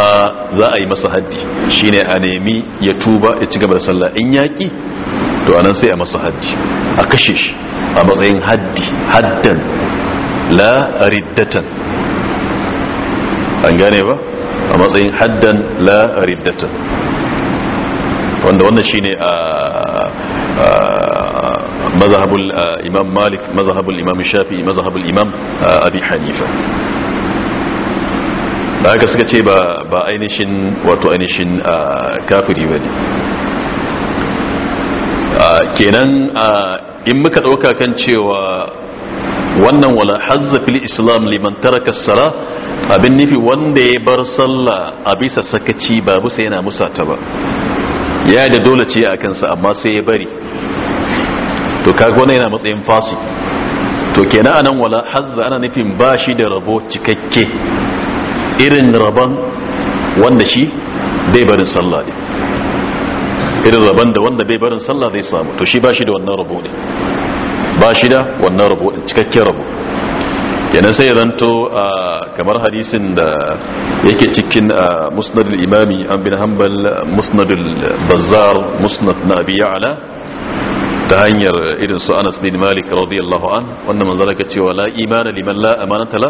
za a yi masa haddi shine a nemi ya tuba ya ci gaba da sallah in yaki to anan sai a masa haddi a kashe shi a matsayin haddi haddan la riddatan an gane ba a matsayin haddan la riddata wanda wannan shine a mazhabul imam malik mazhabul imam shafi mazhabul imam abi hanifa da haka suka ce ba ainihin wato ainihin kafiri ba ne kenan in muka ɗauka kan cewa wannan wala hazza fil islam liman taraka sala abin nufi wanda ya bar sallah a bisa sakaci ba musa yana musa ta ba ya da dole ce a kansa amma sai ya bari to kaga wani yana matsayin fasu to kenan anan wala hazza ana nufin ba shi da rabo cikakke irin rabon wanda shi bai barin sallah ne irin rabon da wanda bai barin sallah zai samu to shi ba shi da wannan rabo ne ba shi da wannan rabo cikakken rabo kenan sai ranto kamar hadisin da yake cikin musnadul imami an bin hanbal musnadul bazzar musnad na abi ya'la ta hanyar irin su anas bin malik radiyallahu an wannan manzala ka cewa la imana liman la amanata la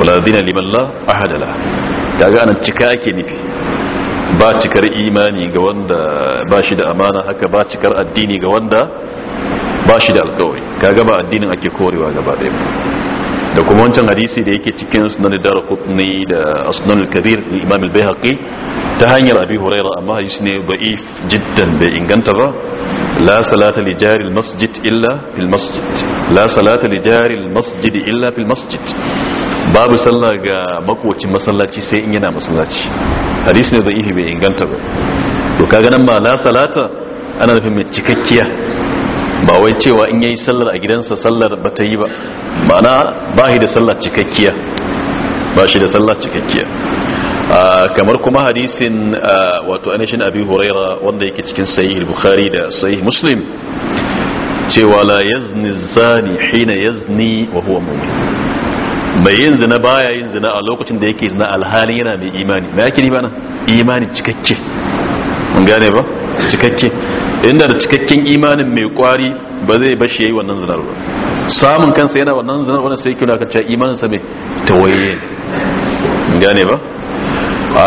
wala dina liman la ahada la kaga anan cika yake nufi ba cikar imani ga wanda ba shi da amana haka ba cikar addini ga wanda ba shi da alkawari kaga ba addinin ake korewa gaba ɗaya da kuma wancan hadisi da yake cikin sunan dar qutni da sunan kabir da imam al-bayhaqi ta hanyar abi huraira amma hadisi ne da'if jiddan bai inganta ba la salata li jari al-masjid illa fil masjid la salata li jari al-masjid illa fil masjid babu sallah ga makocin masallaci sai in yana masallaci hadisi ne da'if bai inganta ba to kaga nan ma la salata ana nufin mai cikakkiya ba wai cewa in yayi sallar a gidansa sallar ba ta yi ba ma'ana ba shi da sallar cikakkiya ba shi da sallar cikakkiya ah, kamar kuma hadisin ah, wato anishin abi huraira wanda yake cikin sahih bukhari da sahih muslim cewa la yazni zani hina yazni wa huwa mu'min bai yin zina baya yin zina a lokacin da yake zina alhalin yana mai imani ma yake ni bana imani cikakke mun gane ba cikakke inda da cikakken imanin mai kwari ba zai bashi yayi wannan zinar ba samun kansa yana wannan zinar wannan sai kuna kace imanin sa mai tawaye mun gane ba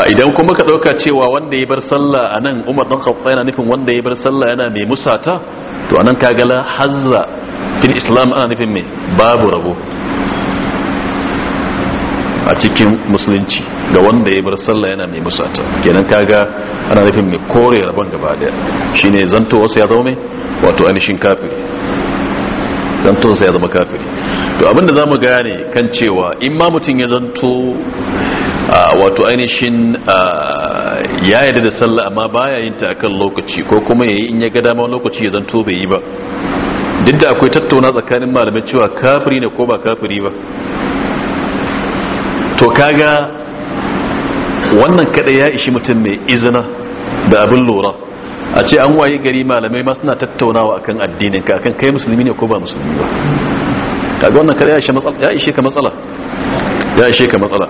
idan kuma ka dauka cewa wanda ya bar sallah anan Umar dan Khattab yana nufin wanda ya bar sallah yana mai musata to anan kaga la hazza fil islam ana nufin mai babu rabo a cikin musulunci ga wanda ya bar sallah yana mai musata kenan kaga ana nufin mai kore rabon gaba daya shine zanto wasu ya zama wato anishin kafiri zanto sai ya zama kafiri to abinda zamu gane kan cewa in ma mutum ya zanto wato ainihin ya yarda da sallah amma baya yin ta akan lokaci ko kuma yayi in ya ga dama lokaci ya zanto bai yi ba duk da akwai tattauna tsakanin malamai cewa kafiri ne ko ba kafiri ba kaga wannan kada ya ishi mutum mai izina da abin lura a ce an waye gari malamai ma suna tattaunawa akan addinin ka kan kai musulmi ne ko ba musulmi ba kaga wannan kada ya ishe ka matsala ya ishe ka matsala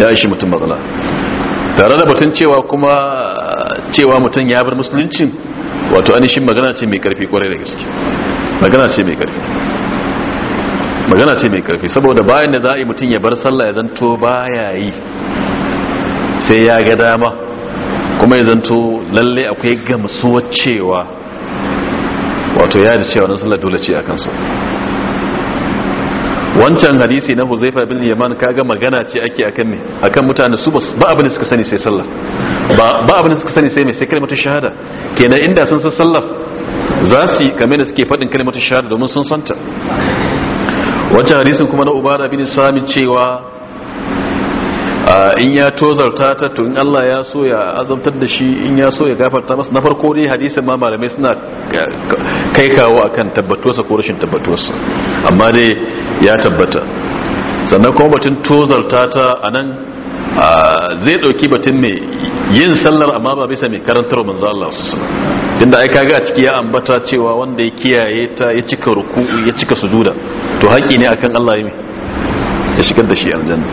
ya ishe mutum matsala tare da batun cewa kuma cewa mutum ya bar musuluncin wato anishin magana ce mai karfi kwarai da gaske magana ce mai karfi magana ce mai karfi saboda bayan da za a yi mutum ya bar sallah ya zanto baya yi sai ya ga dama kuma ya zanto lalle akwai gamsuwar cewa wato ya da cewa na sallah dole ce a kansa wancan hadisi na huzaifa bin yaman kaga magana ce ake akan ne kan mutane su ba abin da suka sani sai sallah ba abin da suka sani sai mai sai kalmatu shahada kenan inda sun san sallah za su yi kamar da suke faɗin kalmatu shahada domin sun santa wancan hadisin kuma na ubada bin sami cewa in ya tozarta ta to in Allah ya so ya azabtar da shi in ya so ya gafarta masa na farko dai hadisin ma malamai suna kai kawo akan tabbatuwarsa ko rashin tabbatuwarsa amma dai ya tabbata sannan kuma batun tozarta ta nan zai dauki batun ne yin sallar amma ba bisa mai karantar manzo Allah sallallahu alaihi wasallam inda ai kaga a ciki ya ambata cewa wanda ya kiyaye ta ya cika ruku'u ya cika sujuda to haƙi ne akan Allah ya ya shigar da shi aljanna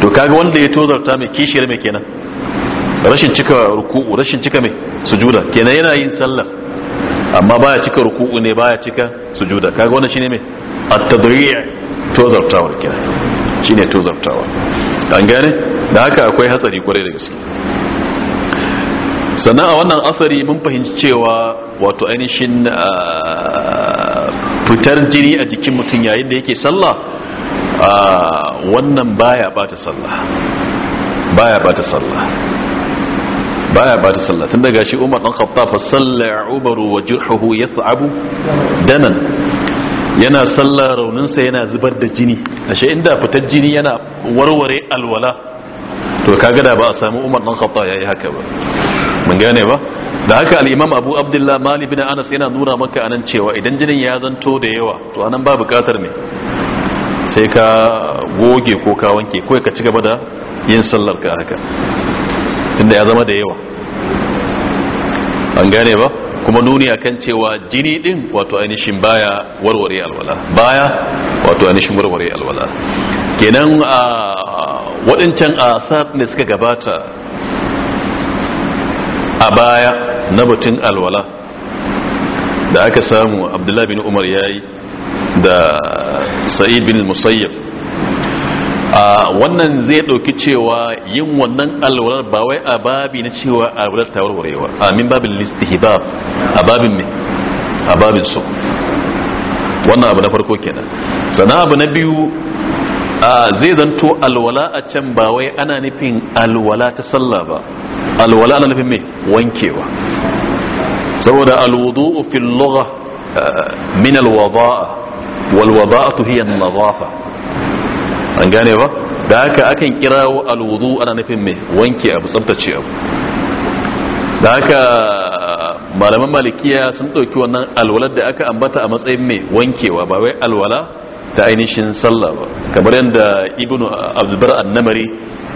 to kaga wanda ya tozarta mai kishiyar mai kenan rashin cika ruku'u rashin cika mai sujuda kenan yana yin sallah, amma baya cika ruku'u ne baya cika sujuda kaga wannan shine mai at-tadri' tozartawa kenan shine tozartawa an gane da haka akwai hatsari kwarai da gaske sannan a wannan asari mun fahimci cewa wato ainihin ah, fitar jini a jikin mutum yayin da yake sallah ah, wannan baya bata sallah baya bata sallah baya bata sallah tun daga shi umar kafta fa salla umaru wa jirhuhu yat'abu danan yana sallar rauninsa yana zubar da jini ashe inda fitar jini yana warware alwala to kaga da ba a samu umar kafta ya yi haka ba mun gane ba da haka al'imam abu abdullah mali bin anas yana nuna maka anan cewa idan jinin ya zanto da yawa to anan ba bukatar ne sai ka goge ko ka wanke ko ka ci gaba da yin sallar ka haka tunda ya zama da yawa an gane ba kuma nuni akan cewa jini din wato ainihin baya warware alwala baya wato ainihin warware alwala kenan a waɗancan asar ne suka gabata a baya na batun alwala da aka samu abdullahi bin umar ya yi da sa'id bin musayyar a wannan zai ɗauki cewa yin wannan alwalar ba wai a babi na cewa alwalar ta warwarewa min babin ba, a babin ne a babin so wannan abu na farko kenan sana abu na biyu zai zanto alwala a can ba wai ana nufin alwala ta sallah ba alwala ana nufin me wankewa saboda alwudu'u fil lugha eh, min alwada'a wal wada'atu hiya an an gane ba da haka akan kira alwudu ana nufin me wanke abu tsaftace abu da haka eh, malaman malikiya sun ɗauki wannan alwalar da aka ambata a matsayin mai wankewa ba wai alwala ta ainihin sallah ba kamar yadda ibnu abdulbar annamari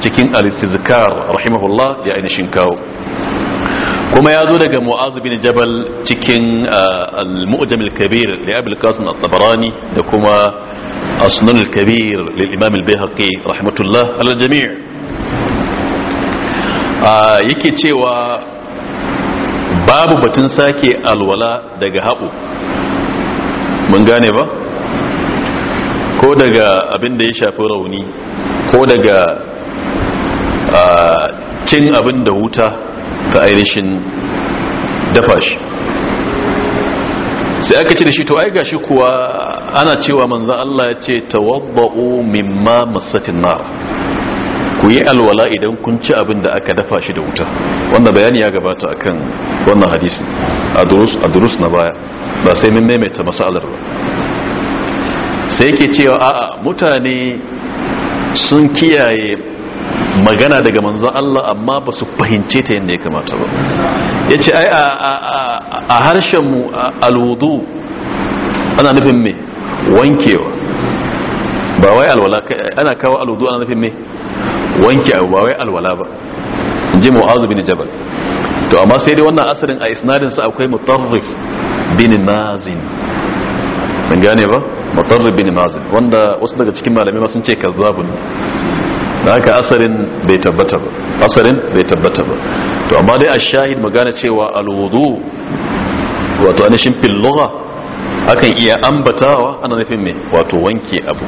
cikin al-tizkar rahimahullah ya ainihin kawo kuma ya zo daga mu'azu bin jabal cikin uh, al-mu'jam al-kabir da abul qasim tabarani da kuma as-sunan al-kabir lil imam al-bayhaqi rahmatullah ala jami' uh, yake cewa babu batun sake alwala daga haɓo mun gane ba ko daga abin da ya shafi rauni ko daga uh, cin abin da wuta ta ainihin dafa shi sai aka ce da shi to ai gashi kuwa ana cewa manzan Allah ya ce tawabba'u mimma masatin nar ku yi alwala idan kun ci abin da aka dafa shi da wuta wanda bayani ya gabata akan wannan hadisin a durus na baya ba sai min maimaita masalar ba sai yake cewa a'a mutane sun kiyaye magana daga manzon Allah amma ba su fahimce ta yadda ya kamata ba ya ce ai a harshenmu alwudu ana nufin mai wankewa ba wai alwala ana kawo alwudu ana nufin mai wanke ba wai alwala ba ji mu'azu bin jabal to amma sai dai wannan asirin a isnadin su akwai mutarrif bin nazin ban gane ba mutarrif bin nazin wanda wasu daga cikin malamai ma sun ce kazzabun haka asarin bai tabbata ba asarin bai tabbata ba to amma dai ash-shahid magana cewa al-wudu wato anishin fil lugha akan iya ambatawa ana nufin me wato wanke abu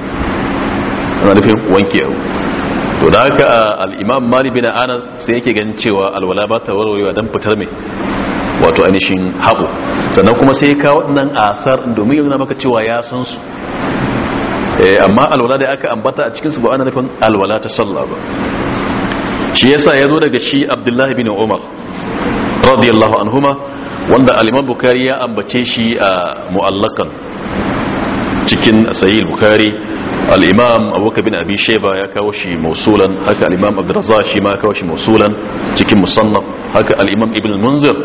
ana nufin wanke abu to da haka al-imam malik bin anas sai yake ganin cewa alwala ba ta warwarewa dan fitar me wato anishin haɓu. sannan kuma sai ka waɗannan asar domin yana maka cewa ya san su Eh, amma alwala da aka ambata a cikinsu ba ana nufin alwala ta sallah ba shi yasa ya zo daga shi abdullahi bin umar radiyallahu anhuma wanda aliman bukari ya ambace shi a mu'allakan cikin sayi bukari imam abubakar bin abi sheba ya kawo shi mausulan haka al'imam abdurraza shi ma ya kawo shi mausulan cikin musannaf haka al'imam ibn munzir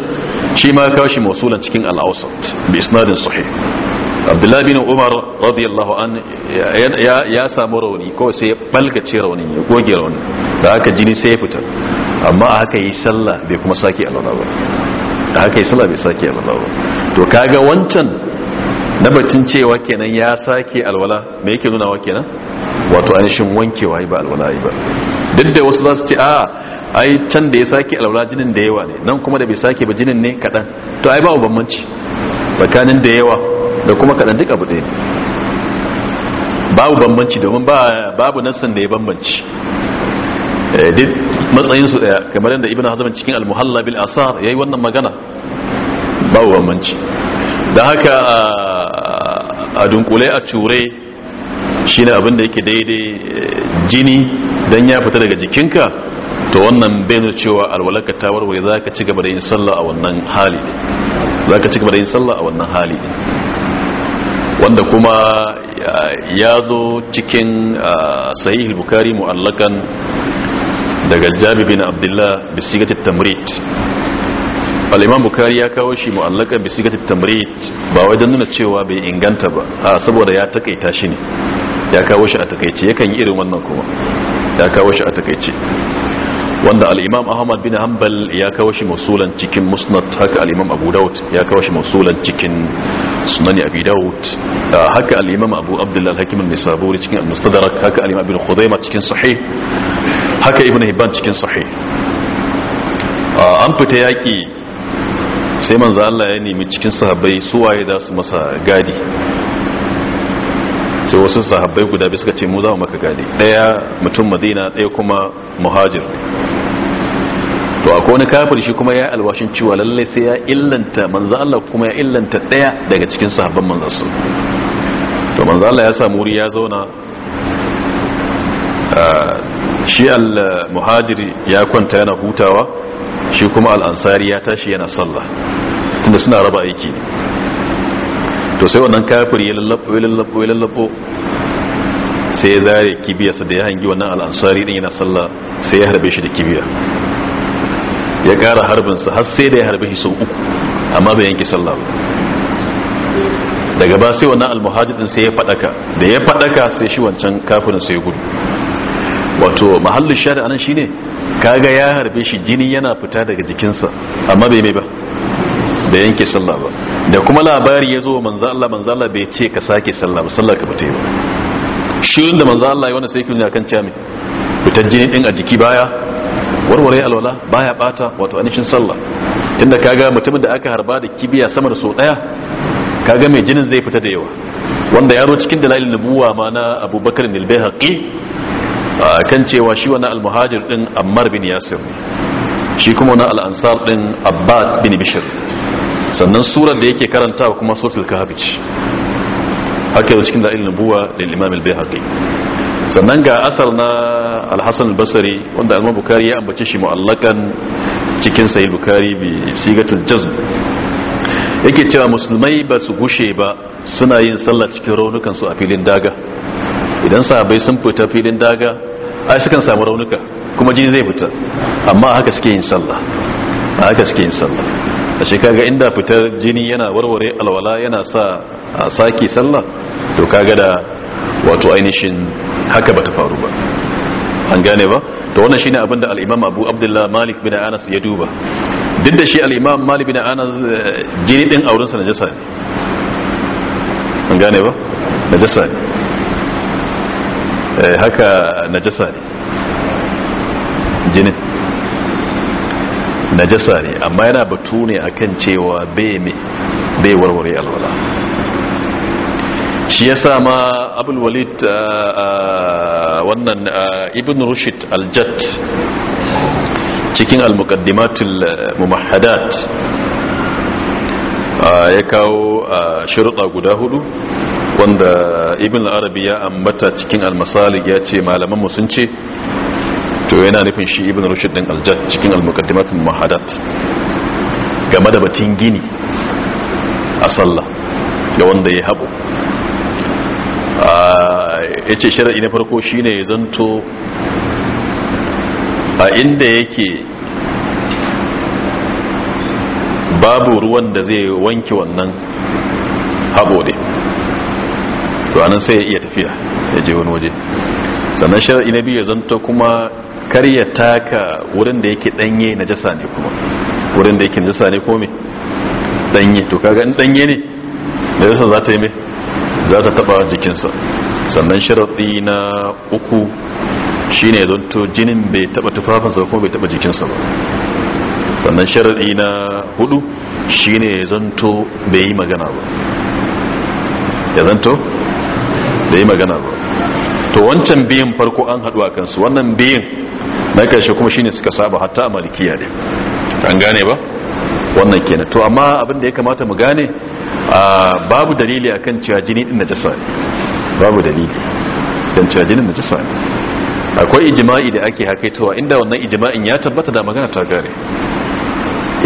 shi ma ya kawo shi mausulan cikin al'ausat bi isnadin sahih abdullahi bin umar radiyallahu an ya samu rauni ko sai ya balgace raunin ya goge rauni da aka jini sai ya fita amma a haka yi sallah bai kuma sake alwala ba a haka yi sallah bai sake alwala ba to kaga wancan na batun cewa kenan ya sake alwala me yake wa kenan wato ainihin wankewa ba alwala ba duk da wasu za su ce a ai can da ya sake alwala jinin da yawa ne nan kuma da bai sake ba jinin ne kaɗan to ai ba bambanci tsakanin da yawa da kuma kaɗan duk abu ɗaya babu bambanci domin babu nassan da ya bambanci eh, duk matsayinsu ɗaya kamar yadda ibina hazaman cikin almuhalla bil asar ya yi wannan magana babu bambanci da haka a dunkule a ture shi ne abinda yake daidai eh, jini don ya fita daga jikinka to wannan bai cewa alwalaka ta warware za ka ci da yin sallah a wannan hali za ka da yin sallah a wannan hali wanda kuma ya zo cikin ah, sahih bukari mu'allakan daga jabi bin abdullah bisigat tamrit al-imam bukari ya kawo shi mu'allaka bisigat tamrit ba wai don nuna cewa bai inganta ba a saboda ya takaita shi ne ya kawo shi a takaice yakan yi irin wannan kuma ya kawo shi a takaice wanda al'imam ahmad bin hanbal ya kawo shi musulan cikin musnad haka al'imam abu daud ya kawo shi musulan cikin sunani abi daud haka al'imam abu Abdullal al-hakim an-nisaburi cikin al-mustadrak haka al-imam ibn cikin sahih haka ibn hibban cikin sahih an fita yaƙi. sai manzo Allah ya nemi cikin sahabbai su waye da su masa gadi sai wasu sahabbai guda biyu suka ce mu za mu maka gadi daya mutum madina daya kuma muhajir to akwai wani kafir shi kuma ya alwashin cewa lallai sai ya illanta manzo Allah kuma ya illanta daya daga cikin sahabban manzo su to manzo Allah ya samu wuri ya zauna shi al-muhajiri ya kwanta yana hutawa shi kuma al-ansari ya tashi yana sallah tunda suna raba aiki to sai wannan kafir ya lallabo ya lallabo ya lallabo sai ya zare kibiyarsa da ya hangi wannan al'ansari din yana sallah sai ya harbe shi da kibiya ya kara harbinsa har sai da ya harbe shi sau uku amma bai yanke sallah ba daga ba sai wannan almuhajir din sai ya fadaka da ya fadaka sai shi wancan kafirin sai ya gudu wato mahallin shari'a nan shine kaga ya harbe shi jini yana fita daga jikinsa amma bai mai ba da yanke sallah ba da kuma labari ya zo manzo Allah manzo Allah bai ce ka sake sallah ba sallah ka fita ba shirin da manzo Allah ya wanda sai kan cami fitar jini din a jiki baya warware alwala baya bata wato anishin sallah tunda kaga mutumin da aka harba da kibiya sama da so daya kaga mai jinin zai fita da yawa wanda yaro cikin dalilin nubuwa ma na Abubakar bin al kan cewa shi wannan al din Ammar bin Yasir shi kuma na al-ansar din Abbad bin Bishr sannan surar da yake karanta kuma sofil kahabici haka yau cikin da'il nubuwa da imam al-bayhaqi sannan ga asar na Alhassan Basari wanda Alman bukari ya ambace shi mu'allakan cikin sayi bukari bi sigatul jazm yake cewa musulmai ba su gushe ba suna yin sallah cikin raunukan su a filin daga idan sahabbai sun fita filin daga ai sukan samu raunuka kuma jini zai fita amma haka suke yin sallah haka suke yin sallah a shi kaga inda fitar jini yana warware alwala yana sa a saki sallah to kaga da wato ainihin haka bata faru ba an gane ba to wannan shine abinda al-imam Abu Abdullah Malik bin Anas ya duba duk da shi al-imam Malik bin Anas eh, jini din auren sa najasa ne an gane ba najasa ne eh haka najasa ne jini. najasa ne amma yana batu ne akan cewa bai warware alwala shi ya sa ma abulwalid uh, uh, wannan uh, ibn rushid aljat cikin al-muqaddimatul mumahadat ya kawo shirɗa guda hudu wanda ibn arabi ya ambata cikin al ya ce malaman sun ce to yana nufin shi ibn rushd din aljad cikin al-muqaddimatul muhadat game da batun gini a sallah da wanda ya habu ya ce shari'i na farko shine ya zanto a inda yake babu ruwan da zai wanke wannan haɓo ne to anan sai ya iya tafiya ya je wani waje sannan shari'i na biyu ya zanto kuma Karya taka wurin da yake danye na jasa ne kuma wurin da yake jasa ne ko me danye to kaga in danye ne jasa za ta yi me za ta taba jikinsa sannan sharadi na uku shine don to jinin bai taba tufafinsa ko bai taba jikinsa ba sannan sharadi na hudu shine zanto bai yi magana ba ya zanto bai yi magana ba to wancan biyun farko an haɗu a kansu wannan biyun na ƙarshe kuma shine suka saba hatta a malikiya ne an gane ba wannan kenan to amma abin da ya kamata mu gane babu dalili akan cewa jini din najasa ne babu dalili dan cewa jini najasa ne akwai ijma'i da ake hakaitowa inda wannan ijma'in ya tabbata da magana ta gare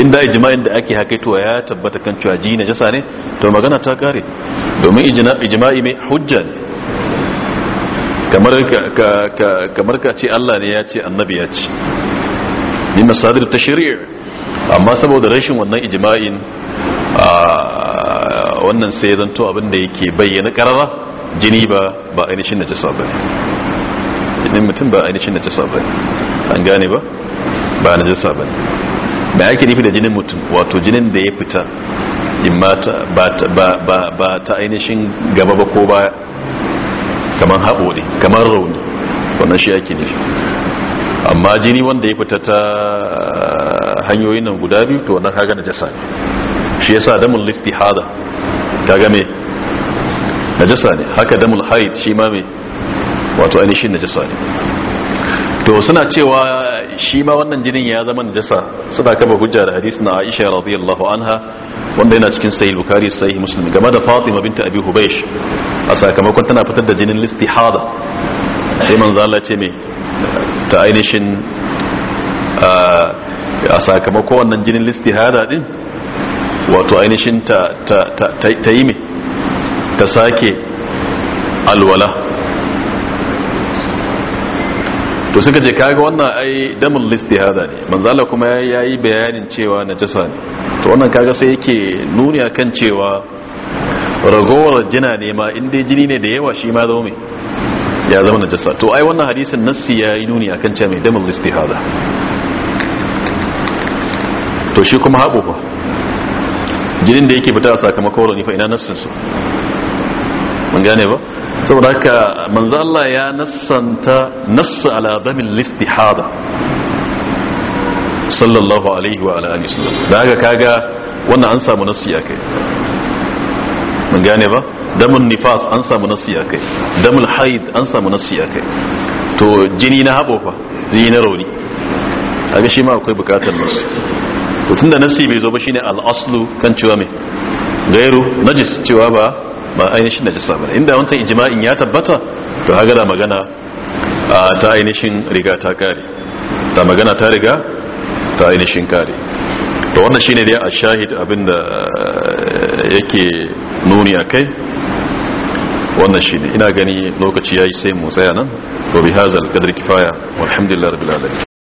inda ijma'in da ake hakaitowa ya tabbata kan cewa jini najasa ne to magana ta gare domin ijma'i mai hujja ne kamar ka ce Allah ne ya ce annabi ya ce ni masadir ta amma saboda rashin wannan ijima'in wannan sai zan to abin da yake bayyana karara jini ba ba ainihin najasa ba ne mutum ba ainihin najasa ba ne an gane ba ba najasa ba ne mai ake nufi da jinin mutum wato jinin da ya fita in ba ta ainihin gaba ba ko baya kamar haɓo ne kamar rauni wannan shi ake nufi amma jini wanda ya fita ta ah, hanyoyin nan guda biyu to wannan kaga najasa ne shi yasa damul istihada kaga me najasa ne haka damul haid shi ma me wato ainihin najasa ne to suna cewa shi ma wannan jinin ya zama najasa suna kafa hujja da hadisi na Aisha radiyallahu anha wanda yana cikin sahih Bukhari sahih Muslim game da Fatima binta Abi Hubaysh a sakamakon tana fitar da jinin listi hada sai man Allah ce me ta ainihin a sakamakon wannan jinin listi hada din wato ainihin ta ta yi me ta sake alwala to suka ce kaga wannan ai listi hada ne Manzala kuma kuma yi bayanin cewa na jasa ne to wannan kaga sai yake nuni akan cewa ragowar jina ne ma in dai jini ne da yawa shi ma zo mai ya zama na jasa to ai wannan hadisin nassi ya yi nuni akan cewa mai damar istihada to shi kuma haɓo ba jinin da yake fita sakamakon rauni fa ina nassin su mun gane ba saboda haka manzo Allah ya nassanta nassa ala damil istihada sallallahu alaihi wa alihi wasallam da haka kaga wannan an samu nassi ya kai mun gane ba damul nifas an samu nasi kai damul haid an samu nasi kai to jini na habo fa jini na rauni ga shi ma akwai bukatar nasi to tunda nasi bai zo ba shine al-aslu kan cewa me gairu najis cewa ba ba ainihin najisa ba inda wancan ijma'in ya tabbata to haga da magana ta ainihin riga ta kare ta magana ta riga ta ainihin kare to wannan shine dai a shahid abinda eh, yake nuni a kai wannan shi ina gani lokaci ya yi sai mu tsaya nan ko bi hazal kadar kifaya walhamdulillah rabbil alamin